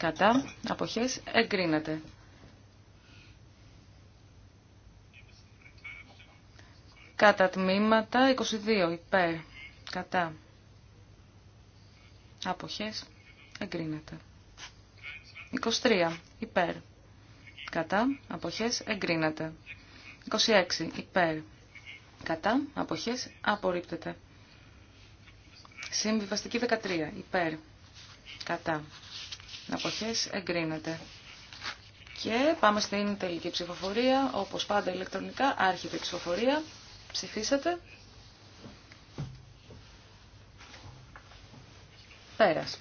S5: κατά, αποχές, εγκρίνεται. Κατά τμήματα 22 υπέρ, κατά, αποχές, εγκρίνεται. 23 υπέρ, κατά, αποχές, εγκρίνεται. 26 υπέρ, κατά, αποχές, απορρίπτεται. Συμβιβαστική 13 υπέρ, κατά, αποχές εγκρίνεται. Και πάμε στην τελική ψηφοφορία, όπως πάντα ηλεκτρονικά, άρχεται η ψηφοφορία, ψηφίσατε. Πέρας.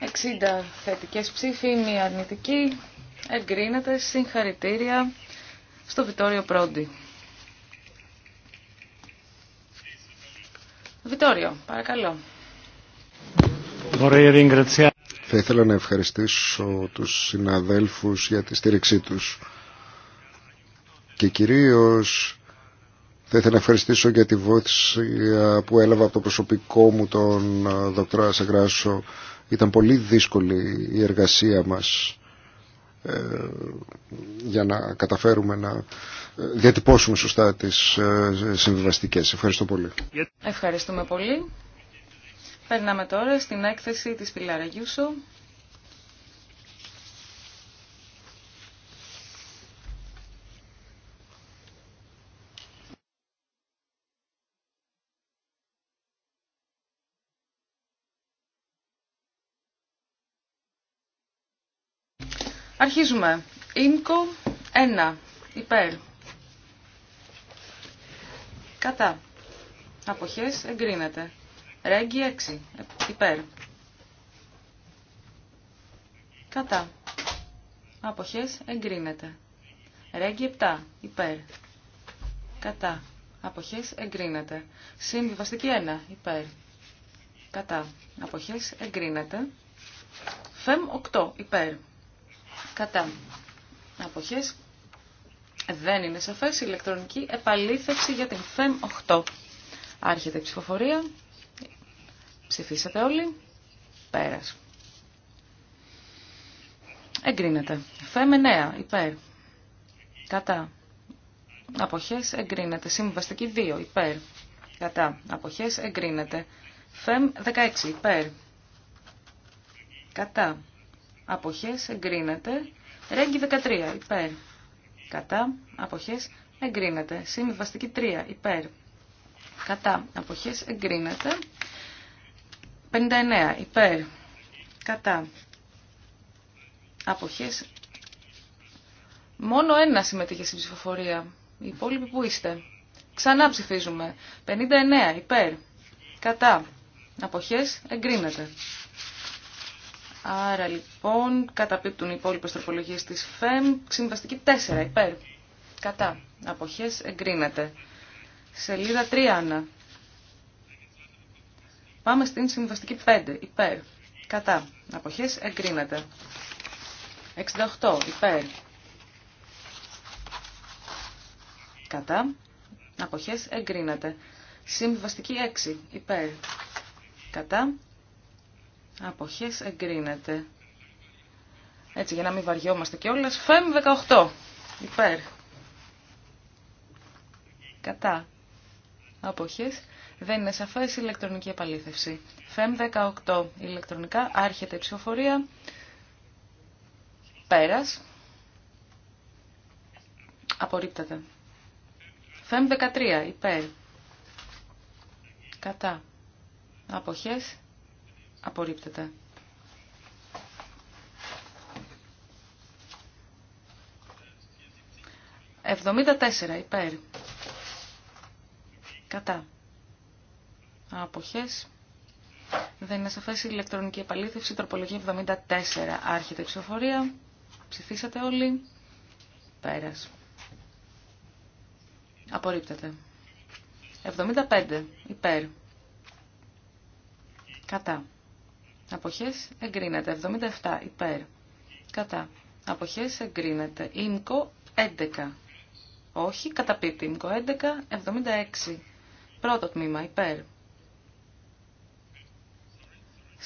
S5: 60 θετικές ψήφοι, μία αρνητική, εγκρίνεται, συγχαρητήρια στο Βιτόριο Πρόντι. Βιτόριο, παρακαλώ.
S3: Θα ήθελα να ευχαριστήσω τους συναδέλφους για τη στήριξή τους και κυρίως θα ήθελα να ευχαριστήσω για τη βοήθεια που έλαβα από το προσωπικό μου τον ε, Δ. Σαγκράσο. Ήταν πολύ δύσκολη η εργασία μας ε, για να καταφέρουμε να ε, διατυπώσουμε σωστά τις συμβιβαστικές. Ευχαριστώ πολύ.
S5: Ευχαριστούμε πολύ. Περνάμε τώρα στην έκθεση της Πιλάρα σου. Αρχίζουμε. Ίνκο 1. Υπέρ. Κατά. Αποχές εγκρίνεται. Ρέγγι 6. Υπέρ. Κατά. Αποχές εγκρίνεται. Ρέγγι 7. Υπέρ. Κατά. Αποχές εγκρίνεται. Συμβιβαστική 1. Υπέρ. Κατά. Αποχές εγκρίνεται. Φεμ 8. Υπέρ. Κατά. Αποχές δεν είναι σαφές. Ηλεκτρονική επαλήθευση για την Φεμ 8. Άρχεται η ψηφοφορία. Ψηφίσατε όλοι. Πέρας. Εγκρίνεται. Φέμε νέα. Υπέρ. Κατά. Αποχές εγκρίνεται. Συμβαστική 2. Υπέρ. Κατά. Αποχές εγκρίνεται. Φεμ 16. Υπέρ. Κατά. Αποχές εγκρίνεται. Ρέγγι 13. Υπέρ. Κατά. Αποχές εγκρίνεται. Συμβαστική 3. Υπέρ. Κατά. Αποχές εγκρίνεται. 59. Υπέρ. Κατά. Αποχές. Μόνο ένα συμμετείχε στην ψηφοφορία. Οι υπόλοιποι που είστε. Ξανά ψηφίζουμε. 59. Υπέρ. Κατά. Αποχές. Εγκρίνεται. Άρα λοιπόν καταπίπτουν οι υπόλοιπε τροπολογίε της ΦΕΜ. Συμβαστική 4. Υπέρ. Κατά. Αποχές. Εγκρίνεται. Σελίδα 3. ανα. Πάμε στην συμβαστική 5. Υπέρ. Κατά. Αποχές εγκρίνεται. 68. Υπέρ. Κατά. Αποχές εγκρίνεται. Συμβαστική 6. Υπέρ. Κατά. Αποχές εγκρίνεται. Έτσι για να μην βαριόμαστε κιόλα. Φέμ 18. Υπέρ. Κατά. Αποχές δεν είναι η ηλεκτρονική επαλήθευση. ΦΕΜ 18 ηλεκτρονικά. Άρχεται η ψηφοφορία. Πέρας. Απορρίπτεται. ΦΕΜ 13 υπέρ. Κατά. Αποχές. Απορρίπτεται. 74 τέσσερα υπέρ. Κατά αποχές. Δεν είναι σαφές η ηλεκτρονική επαλήθευση, τροπολογία 74. Άρχεται η ψηφοφορία. Ψηφίσατε όλοι. Πέρας. Απορρίπτεται. 75. Υπέρ. Κατά. Αποχές εγκρίνεται. 77. Υπέρ. Κατά. Αποχές εγκρίνεται. Ήμκο 11. Όχι, καταπίπτει. Ήμκο 11. 76. Πρώτο τμήμα. Υπέρ.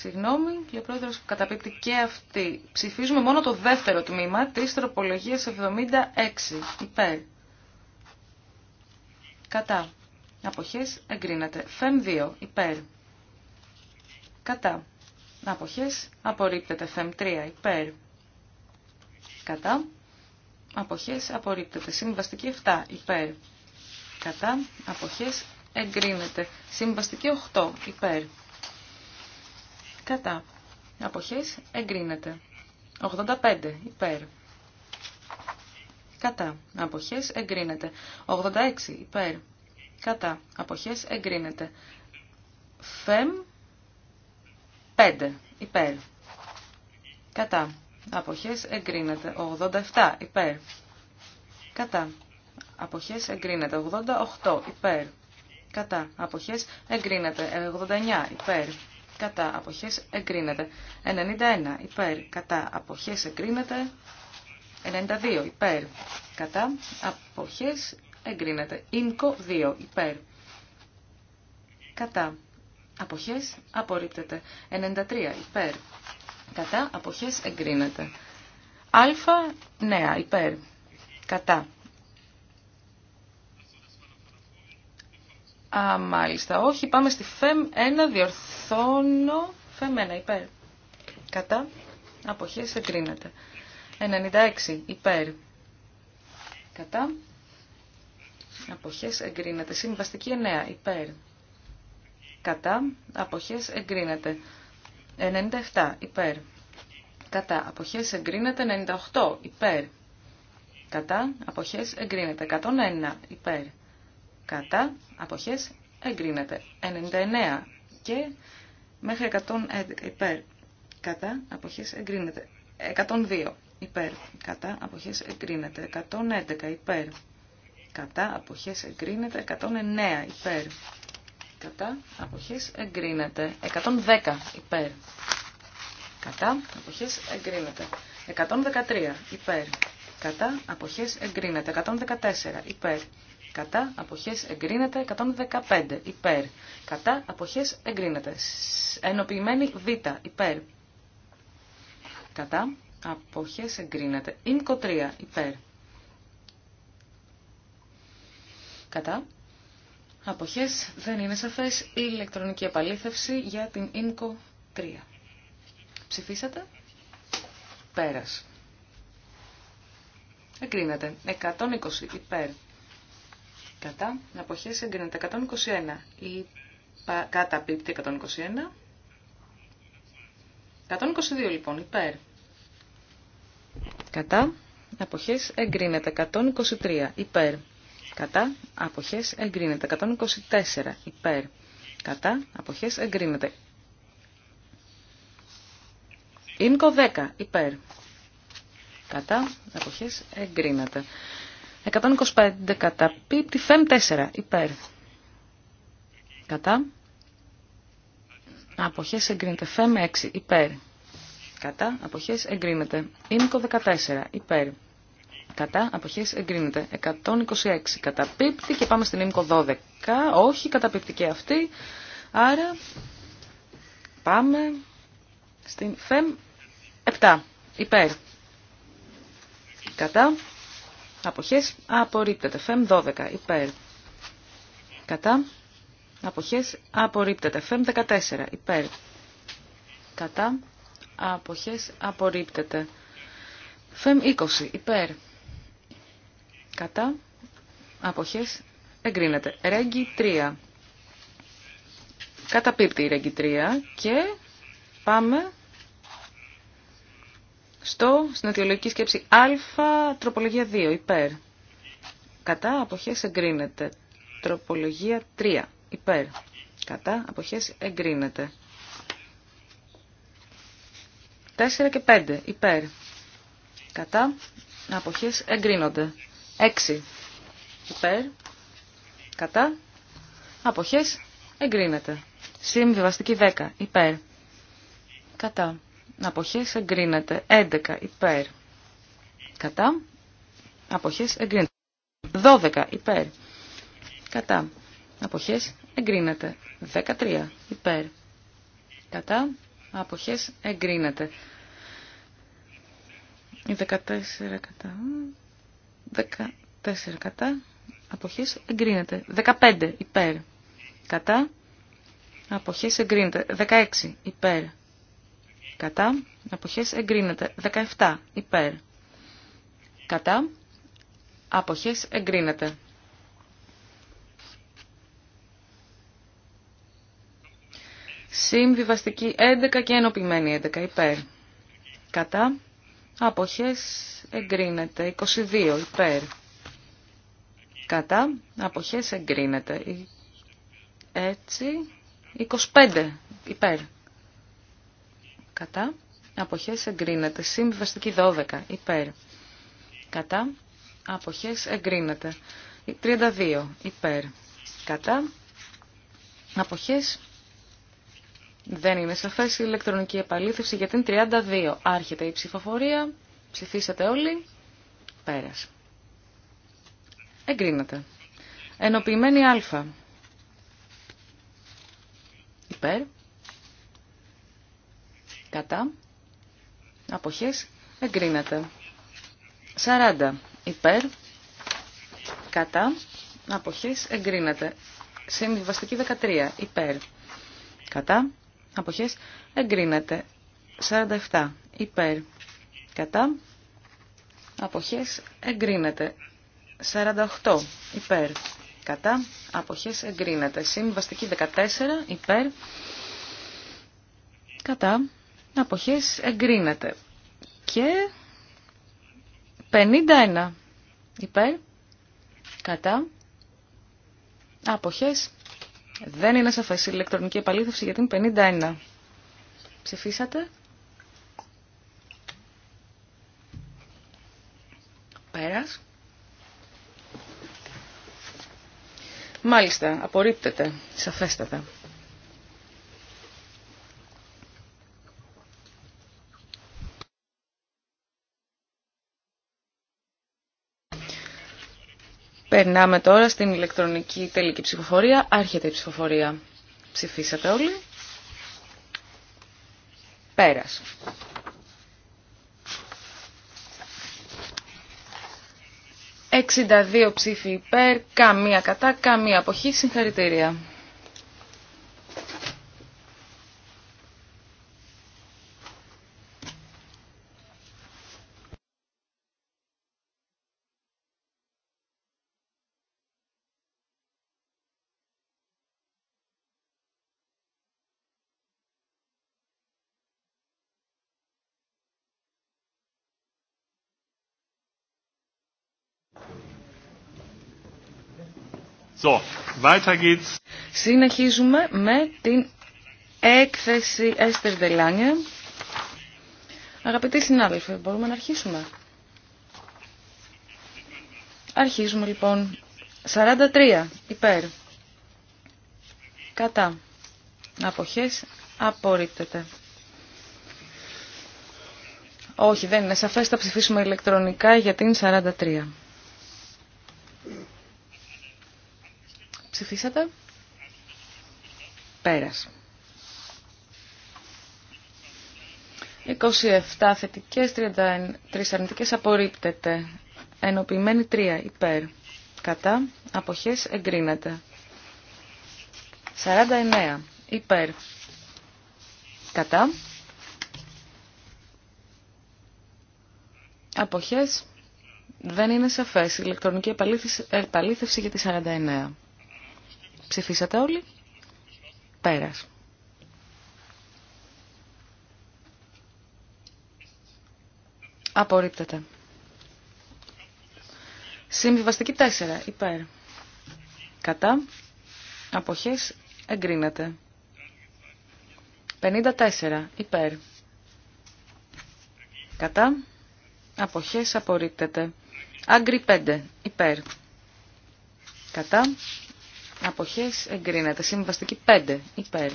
S5: Συγγνώμη, λέει ο πρόεδρο, καταπίπτει και αυτή. Ψηφίζουμε μόνο το δεύτερο τμήμα τη τροπολογία 76. Υπέρ. Κατά. αποχέ, εγκρίνεται. Φεμ 2. Υπέρ. Κατά. Αποχέ, απορρίπτεται. Φεμ 3. Υπέρ. Κατά. αποχέ, απορρίπτεται. Συμβαστική 7. Υπέρ. Κατά. αποχέ, εγκρίνεται. Συμβαστική 8. Υπέρ. Κατά. Αποχές εγκρίνεται. 85 υπέρ. Κατά. Αποχές εγκρίνεται. 86 υπέρ. Κατά. Αποχές εγκρίνεται. Φεμ 5 υπέρ. Κατά. Αποχές εγκρίνεται. 87 υπέρ. Κατά. Αποχές εγκρίνεται. 88 υπέρ. Κατά. Αποχές εγκρίνεται. 89 υπέρ κατά αποχές εγκρίνεται. 91 υπέρ κατά αποχές εγκρίνεται. 92 υπέρ κατά αποχές εγκρίνεται. Ίνκο 2 υπέρ κατά αποχές απορρίπτεται. 93 υπέρ κατά αποχές εγκρίνεται. Α νέα υπέρ κατά Α, μάλιστα. Όχι, πάμε στη ΦΕΜ 1, διορθώνω. ΦΕΜ 1, υπέρ. Κατά. Αποχές εγκρίνεται. 96, υπέρ. Κατά. Αποχές εγκρίνεται. Συμβαστική 9, υπέρ. Κατά. Αποχές εγκρίνεται. 97, υπέρ. Κατά. Αποχές εγκρίνεται. 98, υπέρ. Κατά. Αποχές εγκρίνεται. 101, υπέρ κατά, αποχές, εγκρίνεται. 99 και μέχρι 100 ε, υπέρ, κατά, αποχές, εγκρίνεται. 102 υπέρ, κατά, αποχές, εγκρίνεται. 111 υπέρ, κατά, αποχές, εγκρίνεται. 109 υπέρ, κατά, αποχές, εγκρίνεται. 110 υπέρ, κατά, αποχές, εγκρίνεται. 113 υπέρ, κατά, αποχές, εγκρίνεται. 114 υπέρ, κατά αποχές εγκρίνεται 115 υπέρ, κατά αποχές εγκρίνεται ενοποιημένη β υπέρ, κατά αποχές εγκρίνεται ΙΜΚΟ 3 υπέρ, κατά αποχές δεν είναι σαφές η ηλεκτρονική επαλήθευση για την ΙΝΚΟ 3. Ψηφίσατε. Πέρας. Εγκρίνεται. 120 υπέρ κατά αποχές εγκρίνεται 121 ή κατά πίπτη 121 122 λοιπόν υπέρ κατά αποχές εγκρίνεται 123 υπέρ κατά αποχές εγκρίνεται 124 υπέρ κατά αποχές εγκρίνεται Ίνκο 10 υπέρ κατά αποχές εγκρίνεται 125 κατά πίπτη, φεμ 4 υπέρ. Κατά. Αποχές εγκρίνεται. Φεμ 6 υπέρ. Κατά. Αποχές εγκρίνεται. Ήμικο 14 υπέρ. Κατά. Αποχές εγκρίνεται. 126 κατά πίπτη και πάμε στην Ήμικο 12. Όχι κατά αυτή. Άρα πάμε στην φεμ 7 υπέρ. Κατά. Αποχές απορρίπτεται. Φεμ 12 υπέρ. Κατά. Αποχές απορρίπτεται. Φεμ 14 υπέρ. Κατά. Αποχές απορρίπτεται. Φεμ 20 υπέρ. Κατά. Αποχές εγκρίνεται. Ρέγγι 3. Καταπίπτει η Ρέγγι 3 και πάμε στο, στην σκέψη α, τροπολογία 2, υπέρ. Κατά αποχές εγκρίνεται. Τροπολογία 3, υπέρ. Κατά αποχές εγκρίνεται. 4 και 5, υπέρ. Κατά αποχές εγκρίνονται. 6, υπέρ. Κατά αποχές εγκρίνεται. Συμβιβαστική 10, υπέρ. Κατά αποχές εγκρίνεται. 11 υπέρ. Κατά. Αποχές εγκρίνεται. 12 υπέρ. Κατά. Αποχές εγκρίνεται. 13 υπέρ. Κατά. Αποχές εγκρίνεται. 14 κατά. 14 κατά. Αποχές εγκρίνεται. 15 υπέρ. Κατά. Αποχές εγκρίνεται. 16 υπέρ. Κατά. Αποχές εγκρίνεται. 17. Υπέρ. Κατά. Αποχές εγκρίνεται. Συμβιβαστική 11 και ενωπημένη 11 υπέρ. Κατά. Αποχές εγκρίνεται. 22 υπέρ. Κατά. Αποχές εγκρίνεται. Έτσι. 25 υπέρ. Κατά. Αποχές εγκρίνεται. Συμβιβαστική 12. Υπέρ. Κατά. Αποχές εγκρίνεται. 32. Υπέρ. Κατά. Αποχές δεν είναι σαφές η ηλεκτρονική επαλήθευση για την 32. Άρχεται η ψηφοφορία. Ψηφίσατε όλοι. Πέρας. Εγκρίνεται. Ενοποιημένη α. Υπέρ κατά, αποχές, εγκρίνεται. 40 υπέρ, κατά, αποχές, εγκρίνεται. Συμβιβαστική 13 υπέρ, κατά, αποχές, εγκρίνεται. 47 υπέρ, κατά, αποχές, εγκρίνεται. 48 υπέρ, κατά, αποχές, εγκρίνεται. Συμβιβαστική 14 υπέρ, κατά, Αποχές εγκρίνεται. Και 51 υπέρ, κατά, αποχές, δεν είναι σαφές η ηλεκτρονική επαλήθευση για την 51. Ψηφίσατε. Πέρας. Μάλιστα, απορρίπτεται, σαφέστατα. Περνάμε τώρα στην ηλεκτρονική τελική ψηφοφορία. Άρχεται η ψηφοφορία. Ψηφίσατε όλοι. Πέρας. «62 ψήφοι υπέρ, καμία κατά, καμία αποχή, συγχαρητήρια».
S2: weiter geht's.
S5: Συνεχίζουμε με την έκθεση Έστερ Δελάνια. Αγαπητοί συνάδελφοι, μπορούμε να αρχίσουμε. Αρχίζουμε λοιπόν. 43 υπέρ. Κατά. Αποχές απορρίπτεται. Όχι, δεν είναι σαφές, θα ψηφίσουμε ηλεκτρονικά για την 43. Ψηφίσατε. Πέρας. 27 θετικές, 33 αρνητικές απορρίπτεται. Ενοποιημένη 3 υπέρ. Κατά. Αποχές εγκρίνεται. 49 υπέρ. Κατά. Αποχές δεν είναι σαφές. Ηλεκτρονική επαλήθευση για τη 49. Ψηφίσατε όλοι. Πέρας. Απορρίπτεται. Συμβιβαστική 4. Υπέρ. Κατά. Αποχές. Εγκρίνεται. 54. Υπέρ. Κατά. Αποχές. Απορρίπτεται. Άγκρι 5. Υπέρ. Κατά. Αποχές εγκρίνεται. Συμβαστική 5. Υπέρ.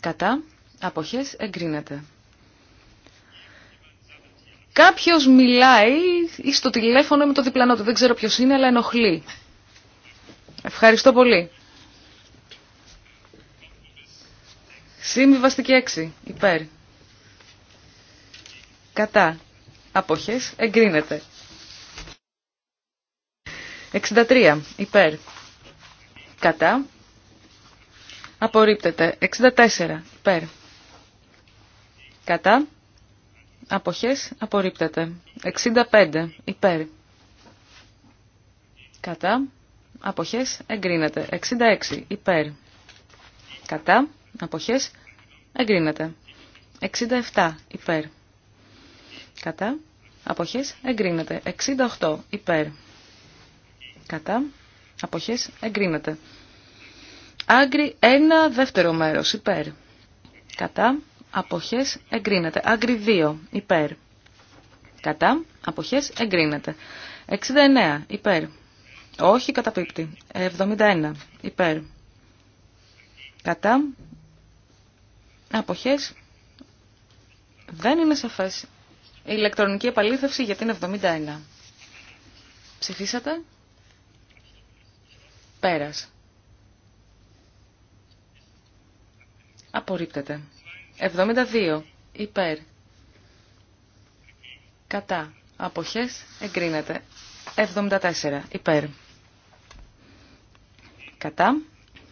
S5: Κατά. Αποχές εγκρίνεται. Κάποιος μιλάει ή στο τηλέφωνο με το διπλανό του. Δεν ξέρω ποιος είναι, αλλά ενοχλεί. Ευχαριστώ πολύ. Συμβιβαστική 6. Υπέρ. Κατά. Αποχές εγκρίνεται. 63 υπέρ κατά απορρίπτεται 64 υπέρ κατά αποχές απορρίπτεται 65 υπέρ κατά αποχές εγκρίνεται 66 υπέρ κατά αποχές εγκρίνεται 67 υπέρ κατά αποχές εγκρίνεται 68 υπέρ κατά, αποχές, εγκρίνεται. Άγκρι 1, δεύτερο μέρος, υπέρ, κατά, αποχές, εγκρίνεται. Άγκρι 2, υπέρ, κατά, αποχές, εγκρίνεται. 69, υπέρ, όχι καταπίπτει. 71, υπέρ, κατά, αποχές, δεν είναι σαφές. Η ηλεκτρονική επαλήθευση για την 71. Ψηφίσατε. Πέρας. Απορρίπτεται. 72. Υπέρ. Κατά. Αποχές. Εγκρίνεται. 74. Υπέρ. Κατά.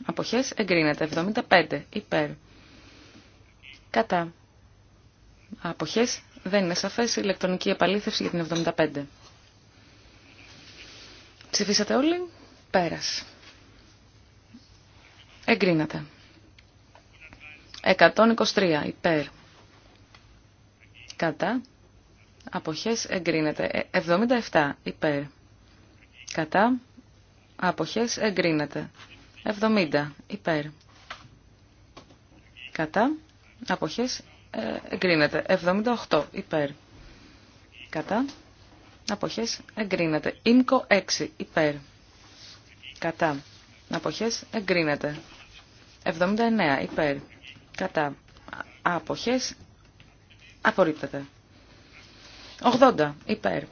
S5: Αποχές. Εγκρίνεται. 75. Υπέρ. Κατά. Αποχές. Δεν είναι σαφές. Ηλεκτρονική επαλήθευση για την 75. Ψηφίσατε όλοι. Πέρας. Εγκρίνεται. 123 υπέρ. Κατά. Αποχές εγκρίνεται. 77 ε, υπέρ. Κατά. Αποχές εγκρίνεται. 70 υπέρ. Κατά. Αποχές ε, εγκρίνεται. 78 υπέρ. Κατά. Αποχές εγκρίνεται. Ήμκο 6 υπέρ. Κατά. Αποχές εγκρίνεται. 79 υπέρ. Κατά. Άποχες. Απορρίπτεται. 80 υπέρ.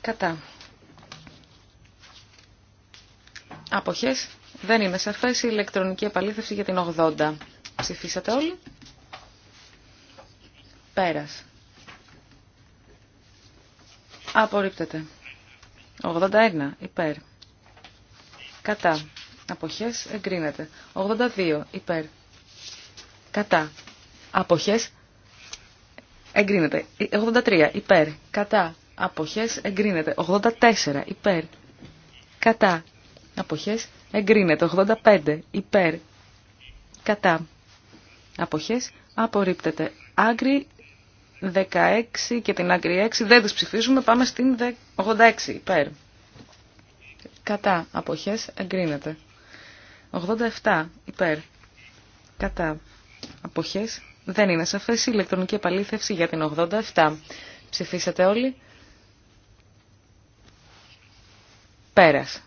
S5: Κατά. Άποχες. Δεν είναι σαφές η ηλεκτρονική επαλήθευση για την 80. Ψηφίσατε όλοι. Πέρας. Απορρίπτεται. 81 υπέρ. Κατά. Αποχές εγκρίνεται. 82 υπέρ. Κατά. Αποχές εγκρίνεται. 83 υπέρ. Κατά. Αποχές εγκρίνεται. 84 υπέρ. Κατά. Αποχές εγκρίνεται. 85 υπέρ. Κατά. Αποχές απορρίπτεται. Άγκρι 16 και την άγκρι 6 δεν τις ψηφίζουμε. Πάμε στην 86 υπέρ. Κατά. Αποχές εγκρίνεται. 87 υπέρ. Κατά. Αποχές. Δεν είναι σαφές η ηλεκτρονική επαλήθευση για την 87. Ψηφίσατε όλοι. Πέρας.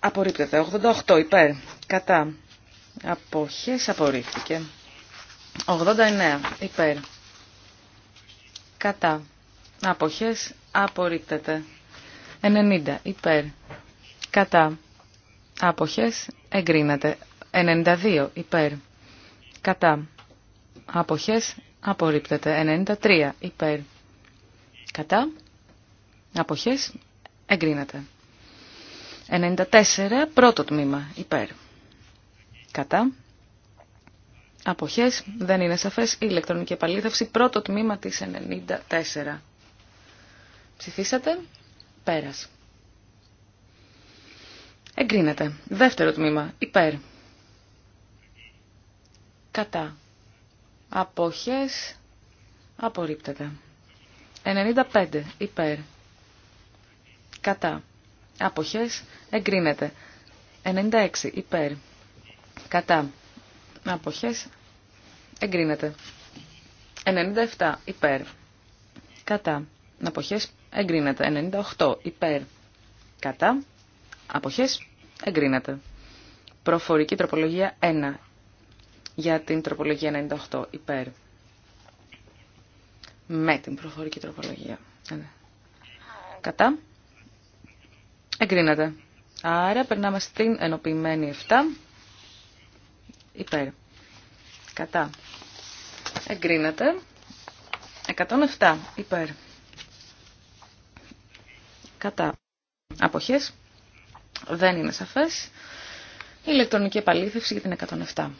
S5: Απορρίπτεται. 88 υπέρ. Κατά. Αποχές απορρίφθηκε. 89 υπέρ. Κατά. Αποχές απορρίπτεται. 90 υπέρ. Κατά. Άποχες εγκρίνατε. 92 υπέρ. Κατά. Άποχες απορρίπτεται. 93 υπέρ. Κατά. Άποχες εγκρίνατε. 94 πρώτο τμήμα υπέρ. Κατά. Αποχές δεν είναι σαφές. Η ηλεκτρονική επαλήθευση πρώτο τμήμα της 94. Ψηφίσατε. Πέρας. Εγκρίνεται. Δεύτερο τμήμα. Υπέρ. Κατά. Αποχές. Απορρίπτεται. 95. Υπέρ. Κατά. Αποχές. Εγκρίνεται. 96. Υπέρ. Κατά. Αποχές. Εγκρίνεται. 97. Υπέρ. Κατά. Αποχές εγκρίνεται. 98 υπέρ κατά αποχές εγκρίνεται. Προφορική τροπολογία 1 για την τροπολογία 98 υπέρ με την προφορική τροπολογία. Κατά. Εγκρίνεται. Άρα περνάμε στην ενοποιημένη 7. Υπέρ. Κατά. Εγκρίνεται. 107. Υπέρ κατά αποχές δεν είναι σαφές. Η ηλεκτρονική επαλήθευση για την 107.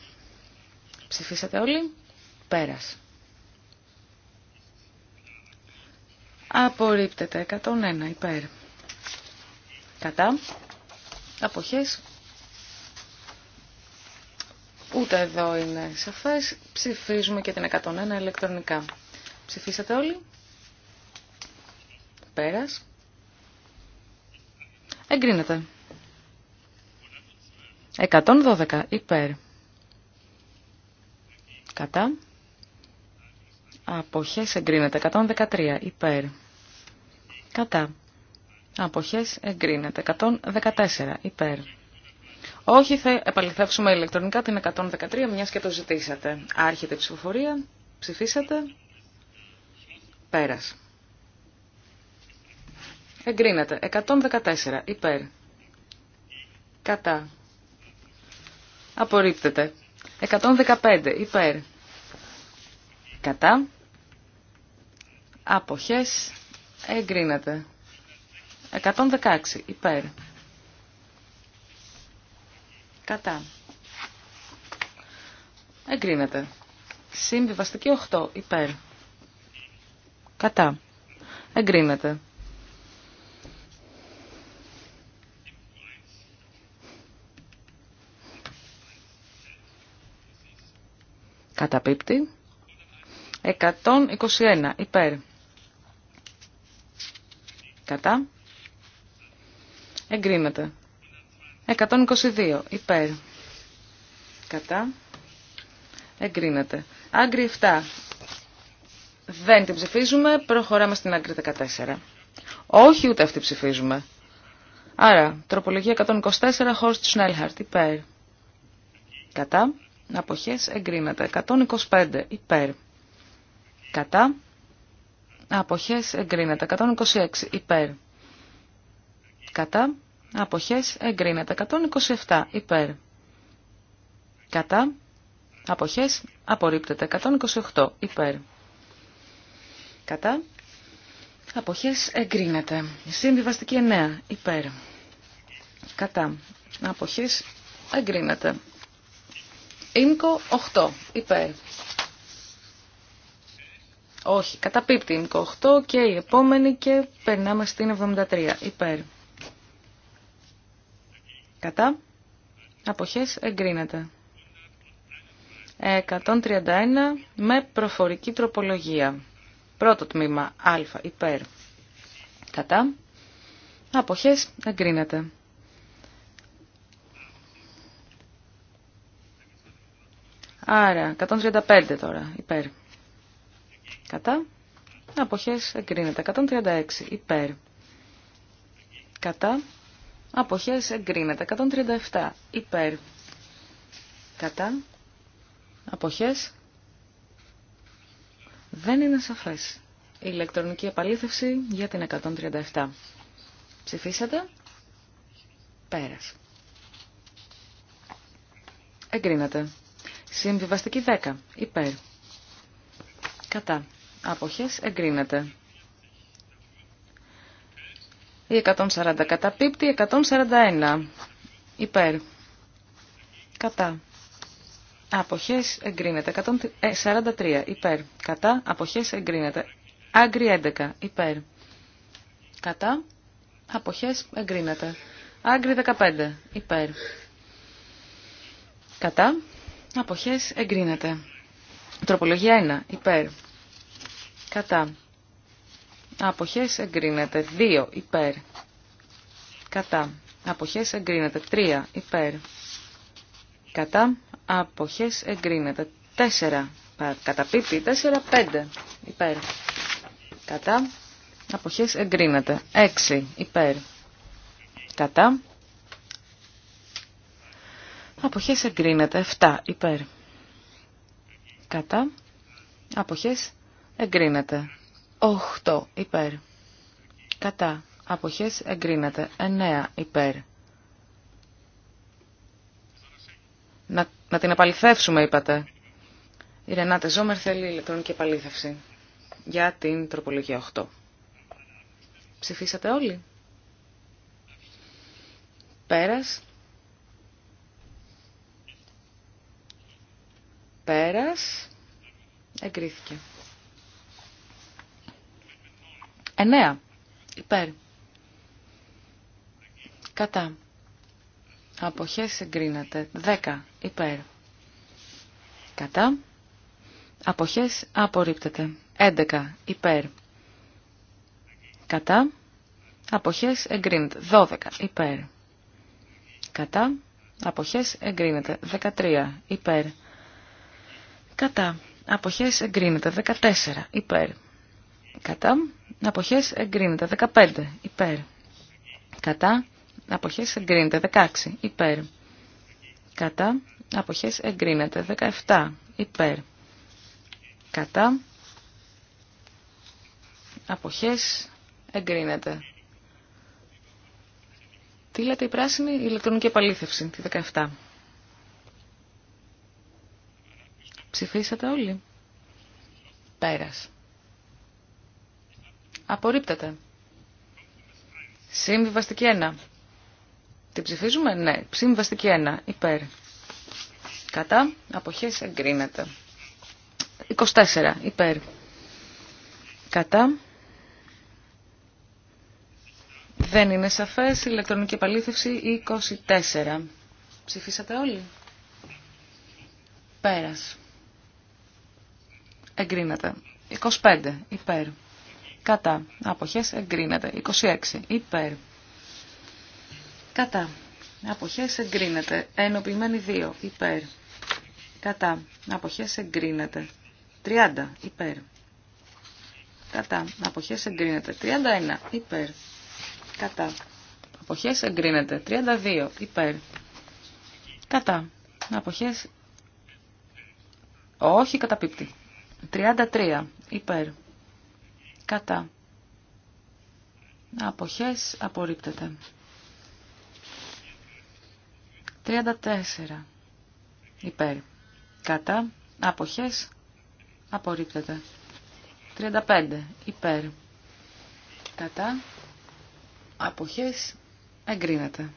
S5: Ψηφίσατε όλοι. Πέρας. Απορρίπτεται 101 υπέρ. Κατά. Αποχές. Ούτε εδώ είναι σαφές. Ψηφίζουμε και την 101 ηλεκτρονικά. Ψηφίσατε όλοι. Πέρας. Εγκρίνεται. 112 υπέρ. Κατά. Αποχές εγκρίνεται. 113 υπέρ. Κατά. Αποχές εγκρίνεται. 114 υπέρ. Όχι, θα επαληθεύσουμε ηλεκτρονικά την 113, μιας και το ζητήσατε. Άρχεται η ψηφοφορία, ψηφίσατε, πέρασε. Εγκρίνεται. 114. Υπέρ. Κατά. Απορρίπτεται. 115. Υπέρ. Κατά. Αποχές. Εγκρίνεται. 116. Υπέρ. Κατά. Εγκρίνεται. Συμβιβαστική 8. Υπέρ. Κατά. Εγκρίνεται. Καταπίπτει. 121 υπέρ. Κατά. Εγκρίνεται. 122 υπέρ. Κατά. Εγκρίνεται. Άγκρι 7. Δεν την ψηφίζουμε. Προχωράμε στην άγκρι 14. Όχι, ούτε αυτή ψηφίζουμε. Άρα, τροπολογία 124 χωρίς του Σνέλχαρτ. Υπέρ. Κατά. Αποχές εγκρίνεται. 125 υπέρ. Κατά. Αποχές εγκρίνεται. 126 υπέρ. Κατά. Αποχές εγκρίνεται. 127 υπέρ. Κατά. Αποχές απορρίπτεται. 128 υπέρ. Κατά. Αποχές εγκρίνεται. Συμβιβαστική 9 υπέρ. Κατά. Αποχές εγκρίνεται. Ήμκο 8. Υπέρ. Όχι, καταπίπτει Ίμκο 8 και η επόμενη και περνάμε στην 73. Υπέρ. Κατά. Αποχές εγκρίνεται. 131 με προφορική τροπολογία. Πρώτο τμήμα α υπέρ. Κατά. Αποχές εγκρίνεται. Άρα, 135 τώρα, υπέρ. Κατά. Αποχές εγκρίνεται. 136, υπέρ. Κατά. Αποχές εγκρίνεται. 137, υπέρ. Κατά. Αποχές. Δεν είναι σαφές. Η ηλεκτρονική επαλήθευση για την 137. Ψηφίσατε. Πέρας. Εγκρίνεται. Συμβιβαστική 10. Υπέρ. Κατά. Αποχές εγκρίνεται. Η 140 καταπίπτει, 141. Υπέρ. Κατά. Αποχές εγκρίνεται. 143. Υπέρ. Κατά. Αποχές εγκρίνεται. Άγκρι 11. Υπέρ. Κατά. Αποχές εγκρίνεται. Άγκρι 15. Υπέρ. Κατά. Αποχές εγκρίνεται. Τροπολογία 1. Υπέρ. Κατά. Αποχές εγκρίνεται. 2. Υπέρ. Κατά. Αποχές εγκρίνεται. 3. Υπέρ. Κατά. Αποχές εγκρίνεται. 4. Καταπίπτει. 4. 5. Υπέρ. Κατά. Αποχές εγκρίνεται. 6. Υπέρ. Κατά. Αποχές εγκρίνεται. 7 υπέρ. Κατά. Αποχές εγκρίνεται. 8 υπέρ. Κατά. Αποχές εγκρίνεται. 9 υπέρ. Να, να την επαληθεύσουμε είπατε. Η Ρενάτε Ζόμερ θέλει ηλεκτρονική επαλήθευση για την τροπολογία 8. Ψηφίσατε όλοι. Πέρας. Πέρας. Εγκρίθηκε. 9. Υπέρ. Κατά. Αποχές εγκρίνεται. 10. Υπέρ. Κατά. Αποχές απορρίπτεται. 11. Υπέρ. Κατά. Αποχές εγκρίνεται. 12. Υπέρ. Κατά. Αποχές εγκρίνεται. 13. Υπέρ. Κατά. Αποχές εγκρίνεται. 14. Υπέρ. Κατά. Αποχές εγκρίνεται. 15. Υπέρ. Κατά. Αποχές εγκρίνεται. 16. Υπέρ. Κατά. Αποχές εγκρίνεται. 17. Υπέρ. Κατά. Αποχές εγκρίνεται. Τι λέτε η πράσινη, ηλεκτρονική επαλήθευση, τη 17. Ψηφίσατε όλοι. Πέρας. Απορρίπτεται. Συμβιβαστική 1. Την ψηφίζουμε, ναι. Συμβιβαστική 1. Υπέρ. Κατά. Αποχές εγκρίνεται. 24. Υπέρ. Κατά. Δεν είναι σαφές. Ηλεκτρονική επαλήθευση 24. Ψηφίσατε όλοι. Πέρας εγκρίνεται. 25 υπέρ. Κατά. Αποχές εγκρίνεται. 26 υπέρ. Κατά. Αποχές εγκρίνεται. Ενοποιημένη 2 υπέρ. Κατά. Αποχές εγκρίνεται. 30 υπέρ. Κατά. Αποχές εγκρίνεται. 31 υπέρ. Κατά. Αποχές εγκρίνεται. 32 υπέρ. Κατά. Αποχές... Όχι καταπίπτει. 33 υπέρ. Κατά. Αποχές απορρίπτεται. 34 υπέρ. Κατά. Αποχές απορρίπτεται. 35 υπέρ. Κατά. Αποχές εγκρίνεται.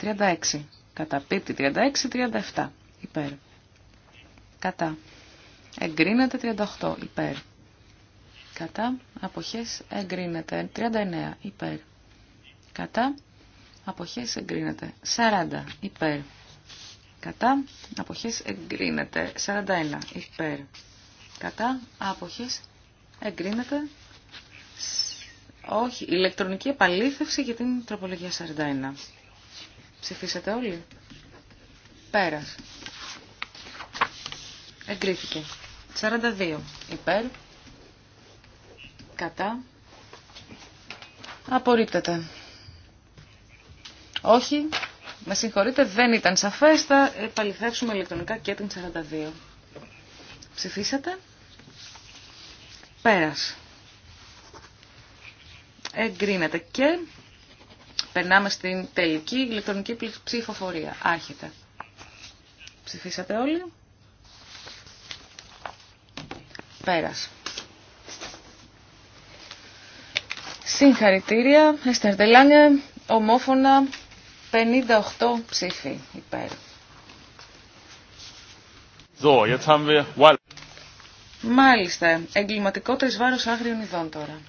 S5: 36. Καταπίπτει 36, 37. Υπέρ. Κατά. Εγκρίνεται 38 υπέρ. Κατά αποχές εγκρίνεται 39 υπέρ. Κατά αποχές εγκρίνεται 40 υπέρ. Κατά αποχές εγκρίνεται 41 υπέρ. Κατά αποχές εγκρίνεται όχι, ηλεκτρονική επαλήθευση για την τροπολογία 41. Ψηφίσατε όλοι. Πέρας. Εγκρίθηκε. 42 υπέρ. Κατά. Απορρίπτεται. Όχι. Με συγχωρείτε, δεν ήταν σαφές. Θα επαληθεύσουμε ηλεκτρονικά και την 42. Ψηφίσατε. Πέρας. Εγκρίνεται και περνάμε στην τελική ηλεκτρονική ψηφοφορία. Άρχεται. Ψηφίσατε όλοι. Πέρας. Συγχαρητήρια, Έστερ ομόφωνα 58 ψήφοι υπέρ.
S2: So, jetzt haben wir...
S5: Μάλιστα, εγκληματικό τρισβάρος άγριων ειδών τώρα.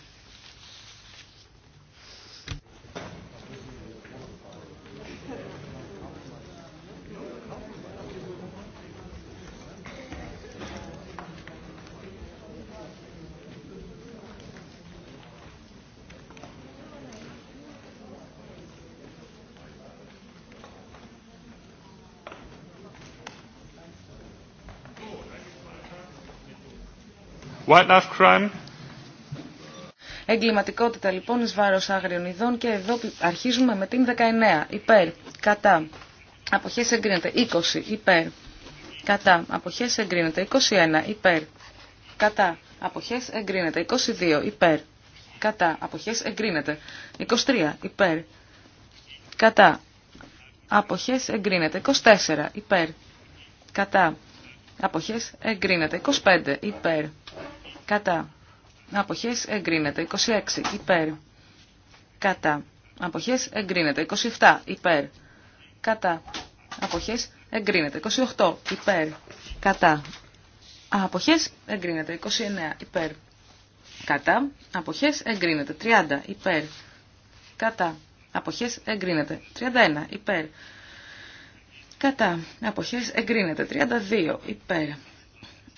S2: Wildlife crime.
S5: Εγκληματικότητα λοιπόν εις βάρος άγριων ειδών και εδώ αρχίζουμε με την 19. Υπέρ, κατά, αποχές εγκρίνεται. 20, υπέρ, κατά, αποχές εγκρίνεται. 21, υπέρ, κατά, αποχές εγκρίνεται. 22, υπέρ, κατά, αποχές εγκρίνεται. 23, υπέρ, κατά, αποχές εγκρίνεται. 24, υπέρ, κατά, αποχές εγκρίνεται. 25, υπέρ, Κατά. Αποχές εγκρίνεται. 26. Υπέρ. Κατά. Αποχές εγκρίνεται. 27. Υπέρ. Κατά. Αποχές εγκρίνεται. 28. Υπέρ. Κατά. Αποχές εγκρίνεται. 29. Υπέρ. Κατά. Αποχές εγκρίνεται. 30. Υπέρ. Κατά. Αποχές εγκρίνεται. 31. Υπέρ. Κατά. Αποχές εγκρίνεται. 32. Υπέρ.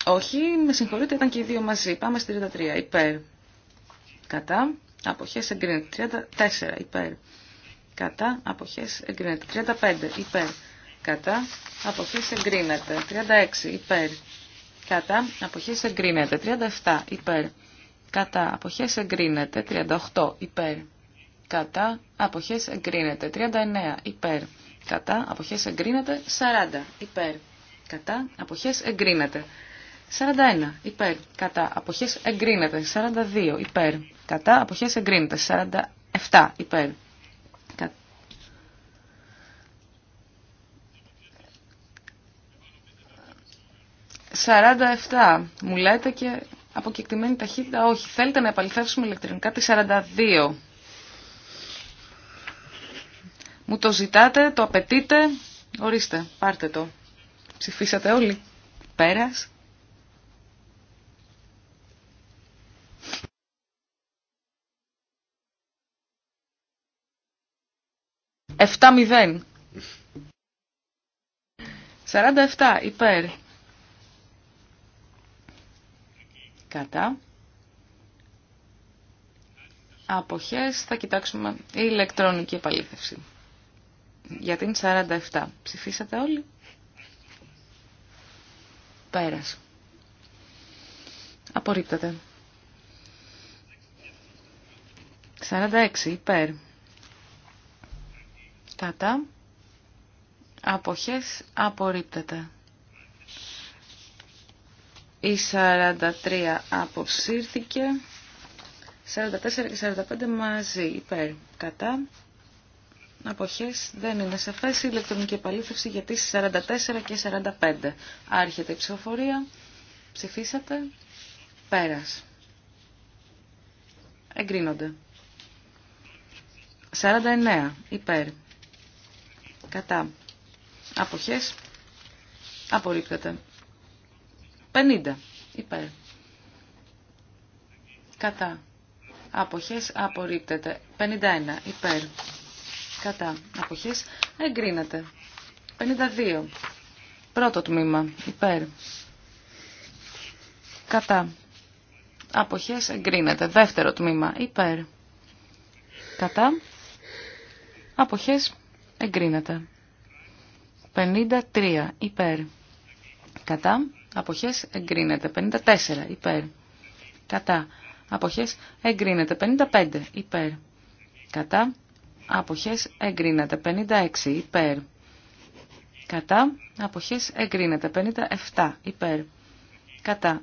S5: Όχι, με συγχωρείτε, ήταν και οι δύο μαζί. Πάμε στη 33. Υπέρ. Κατά. Αποχές εγκρίνεται. 34. Υπέρ. Κατά. απόχέ εγκρίνεται. 35. Υπέρ. Κατά. Αποχές εγκρίνεται. 36. Υπέρ. Κατά. Αποχές εγκρίνεται. 37. Υπέρ. Κατά. απόχέ εγκρίνεται. 38. Υπέρ. Κατά. απόχέ εγκρίνεται. 39. Υπέρ. Κατά. απόχέ εγκρίνεται. 40. Υπέρ. Κατά. απόχέ εγκρίνεται. 41 υπέρ κατά αποχές εγκρίνεται. 42 υπέρ κατά αποχές εγκρίνεται. 47 υπέρ. Κα... 47. Μου λέτε και αποκεκτημένη ταχύτητα. Όχι. Θέλετε να επαληθεύσουμε ηλεκτρονικά τη 42. Μου το ζητάτε, το απαιτείτε. Ορίστε, πάρτε το. Ψηφίσατε όλοι. Πέρας. 7 47 υπέρ. Κατά. Αποχές θα κοιτάξουμε η ηλεκτρονική επαλήθευση. Για την 47. Ψηφίσατε όλοι. Πέρας. Απορρίπτεται. 46 υπέρ. Κατά. Αποχές απορρίπτεται. Η 43 αποσύρθηκε. 44 και 45 μαζί. Υπέρ. Κατά. Αποχές δεν είναι σαφές. Η ηλεκτρονική επαλήθευση Γιατί τις 44 και 45. Άρχεται η ψηφοφορία. Ψηφίσατε. Πέρας. Εγκρίνονται. 49. Υπέρ. Κατά. Αποχές. Απορρίπτεται. 50. Υπέρ. Κατά. Αποχές. Απορρίπτεται. 51. Υπέρ. Κατά. Αποχές. Εγκρίνεται. 52. Πρώτο τμήμα. Υπέρ. Κατά. Αποχές εγκρίνεται. Δεύτερο τμήμα. Υπέρ. Κατά. Αποχές εγκρίνεται. 53 υπέρ. Κατά. Αποχές εγκρίνεται. 54 υπέρ. Κατά. Αποχές εγκρίνεται. 55 υπέρ. Κατά. Αποχές εγκρίνεται. 56 υπέρ. Κατά. Αποχές εγκρίνεται. 57 υπέρ. Κατά.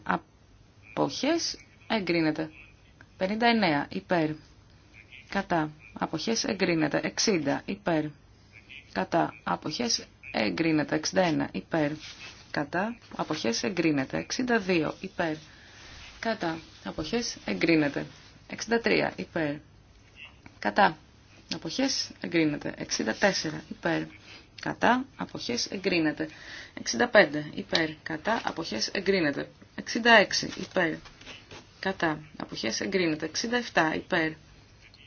S5: Αποχές εγκρίνεται. 59 υπέρ. Κατά. Αποχές εγκρίνεται. 60 υπέρ κατά αποχές εγκρίνεται 61 υπέρ κατά αποχές εγκρίνεται 62 υπέρ κατά αποχές εγκρίνεται 63 υπέρ κατά αποχές εγκρίνεται 64 υπέρ κατά αποχές εγκρίνεται 65 υπέρ κατά αποχές εγκρίνεται 66 υπέρ κατά αποχές εγκρίνεται 67 υπέρ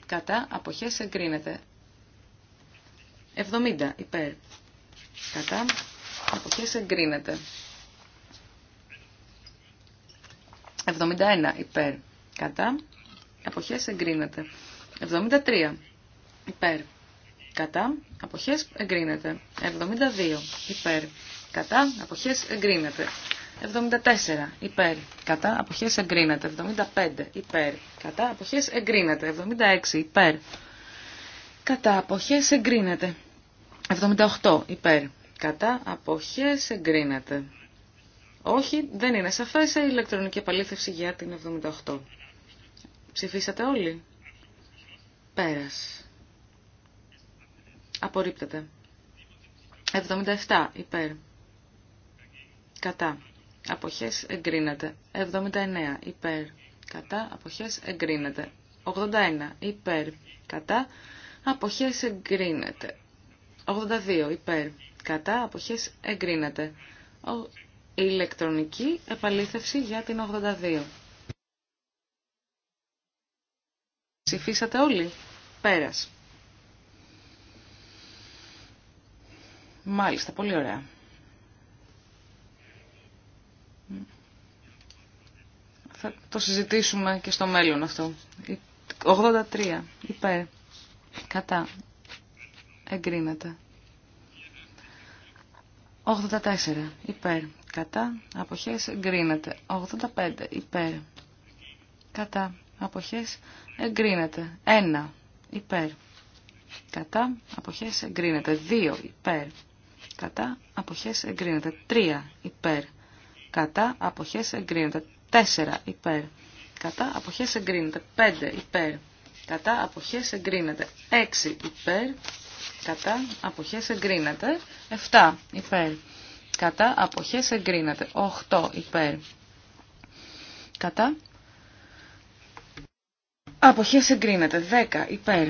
S5: κατά αποχές εγκρίνεται 70 υπέρ. Κατά. Αποχές εγκρίνεται. 71 υπέρ. Κατά. Αποχές εγκρίνεται. 73 υπέρ. Κατά. Αποχές εγκρίνεται. 72 υπέρ. Κατά. Αποχές εγκρίνεται. 74 υπέρ. Κατά. Αποχές εγκρίνεται. 75 υπέρ. Κατά. Αποχές εγκρίνεται. 76 υπέρ. Κατά. Αποχές εγκρίνεται. 78 υπέρ. Κατά αποχές εγκρίνεται. Όχι, δεν είναι σαφές η ηλεκτρονική επαλήθευση για την 78. Ψηφίσατε όλοι. Πέρας. Απορρίπτεται. 77 υπέρ. Κατά. Αποχές εγκρίνεται. 79 υπέρ. Κατά. Αποχές εγκρίνεται. 81 υπέρ. Κατά. Αποχές εγκρίνεται. 82 υπέρ. Κατά αποχές εγκρίνεται. η Ηλεκτρονική επαλήθευση για την 82. Ψηφίσατε όλοι. Πέρας. Μάλιστα, πολύ ωραία. Θα το συζητήσουμε και στο μέλλον αυτό. 83. Υπέρ. Κατά εγκρίνεται. 84 υπέρ κατά αποχές εγκρίνεται. 85 υπέρ κατά αποχές εγκρίνεται. 1 υπέρ κατά αποχές εγκρίνεται. 2 υπέρ κατά αποχές εγκρίνεται. 3 υπέρ κατά αποχές εγκρίνεται. 4 υπέρ κατά αποχές εγκρίνεται. 5 υπέρ κατά αποχές εγκρίνεται. 6 υπέρ κατά αποχές εγκρίνεται. 7 υπέρ κατά αποχές εγκρίνεται. 8 υπέρ κατά αποχές εγκρίνεται. 10 υπέρ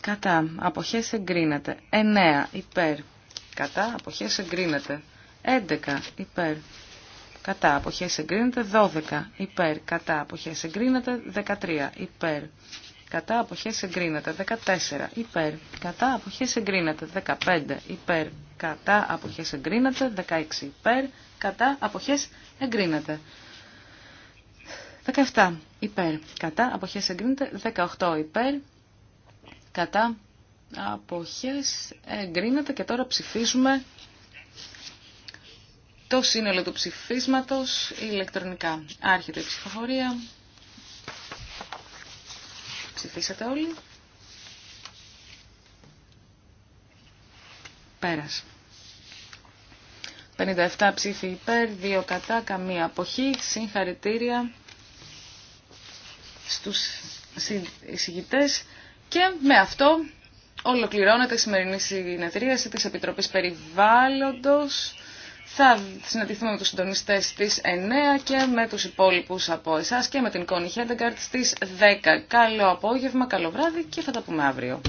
S5: κατά αποχές εγκρίνεται. 9 υπέρ κατά αποχές εγκρίνεται. 11 υπέρ κατά αποχές εγκρίνεται. 12 υπέρ κατά αποχές εγκρίνεται. 13 υπέρ κατά αποχές εγκρίνεται 14 υπέρ, κατά αποχές εγκρίνεται 15 υπέρ, κατά αποχές εγκρίνεται 16 υπέρ, κατά αποχές εγκρίνεται 17 υπέρ, κατά αποχές εγκρίνεται 18 υπέρ, κατά αποχές εγκρίνεται και τώρα ψηφίζουμε το σύνολο του ψηφίσματος ηλεκτρονικά. Άρχεται η ψηφοφορία. Ψηφίσατε όλοι. Πέρας. 57 ψήφοι υπέρ, 2 κατά, καμία αποχή. Συγχαρητήρια στους εισηγητές. Και με αυτό ολοκληρώνεται η σημερινή συνεδρίαση της Επιτροπής Περιβάλλοντος. Θα συναντηθούμε με τους συντονιστές στις 9 και με τους υπόλοιπους από εσάς και με την Κόνη Χέντεγκαρτ στις 10. Καλό απόγευμα, καλό βράδυ και θα τα πούμε αύριο.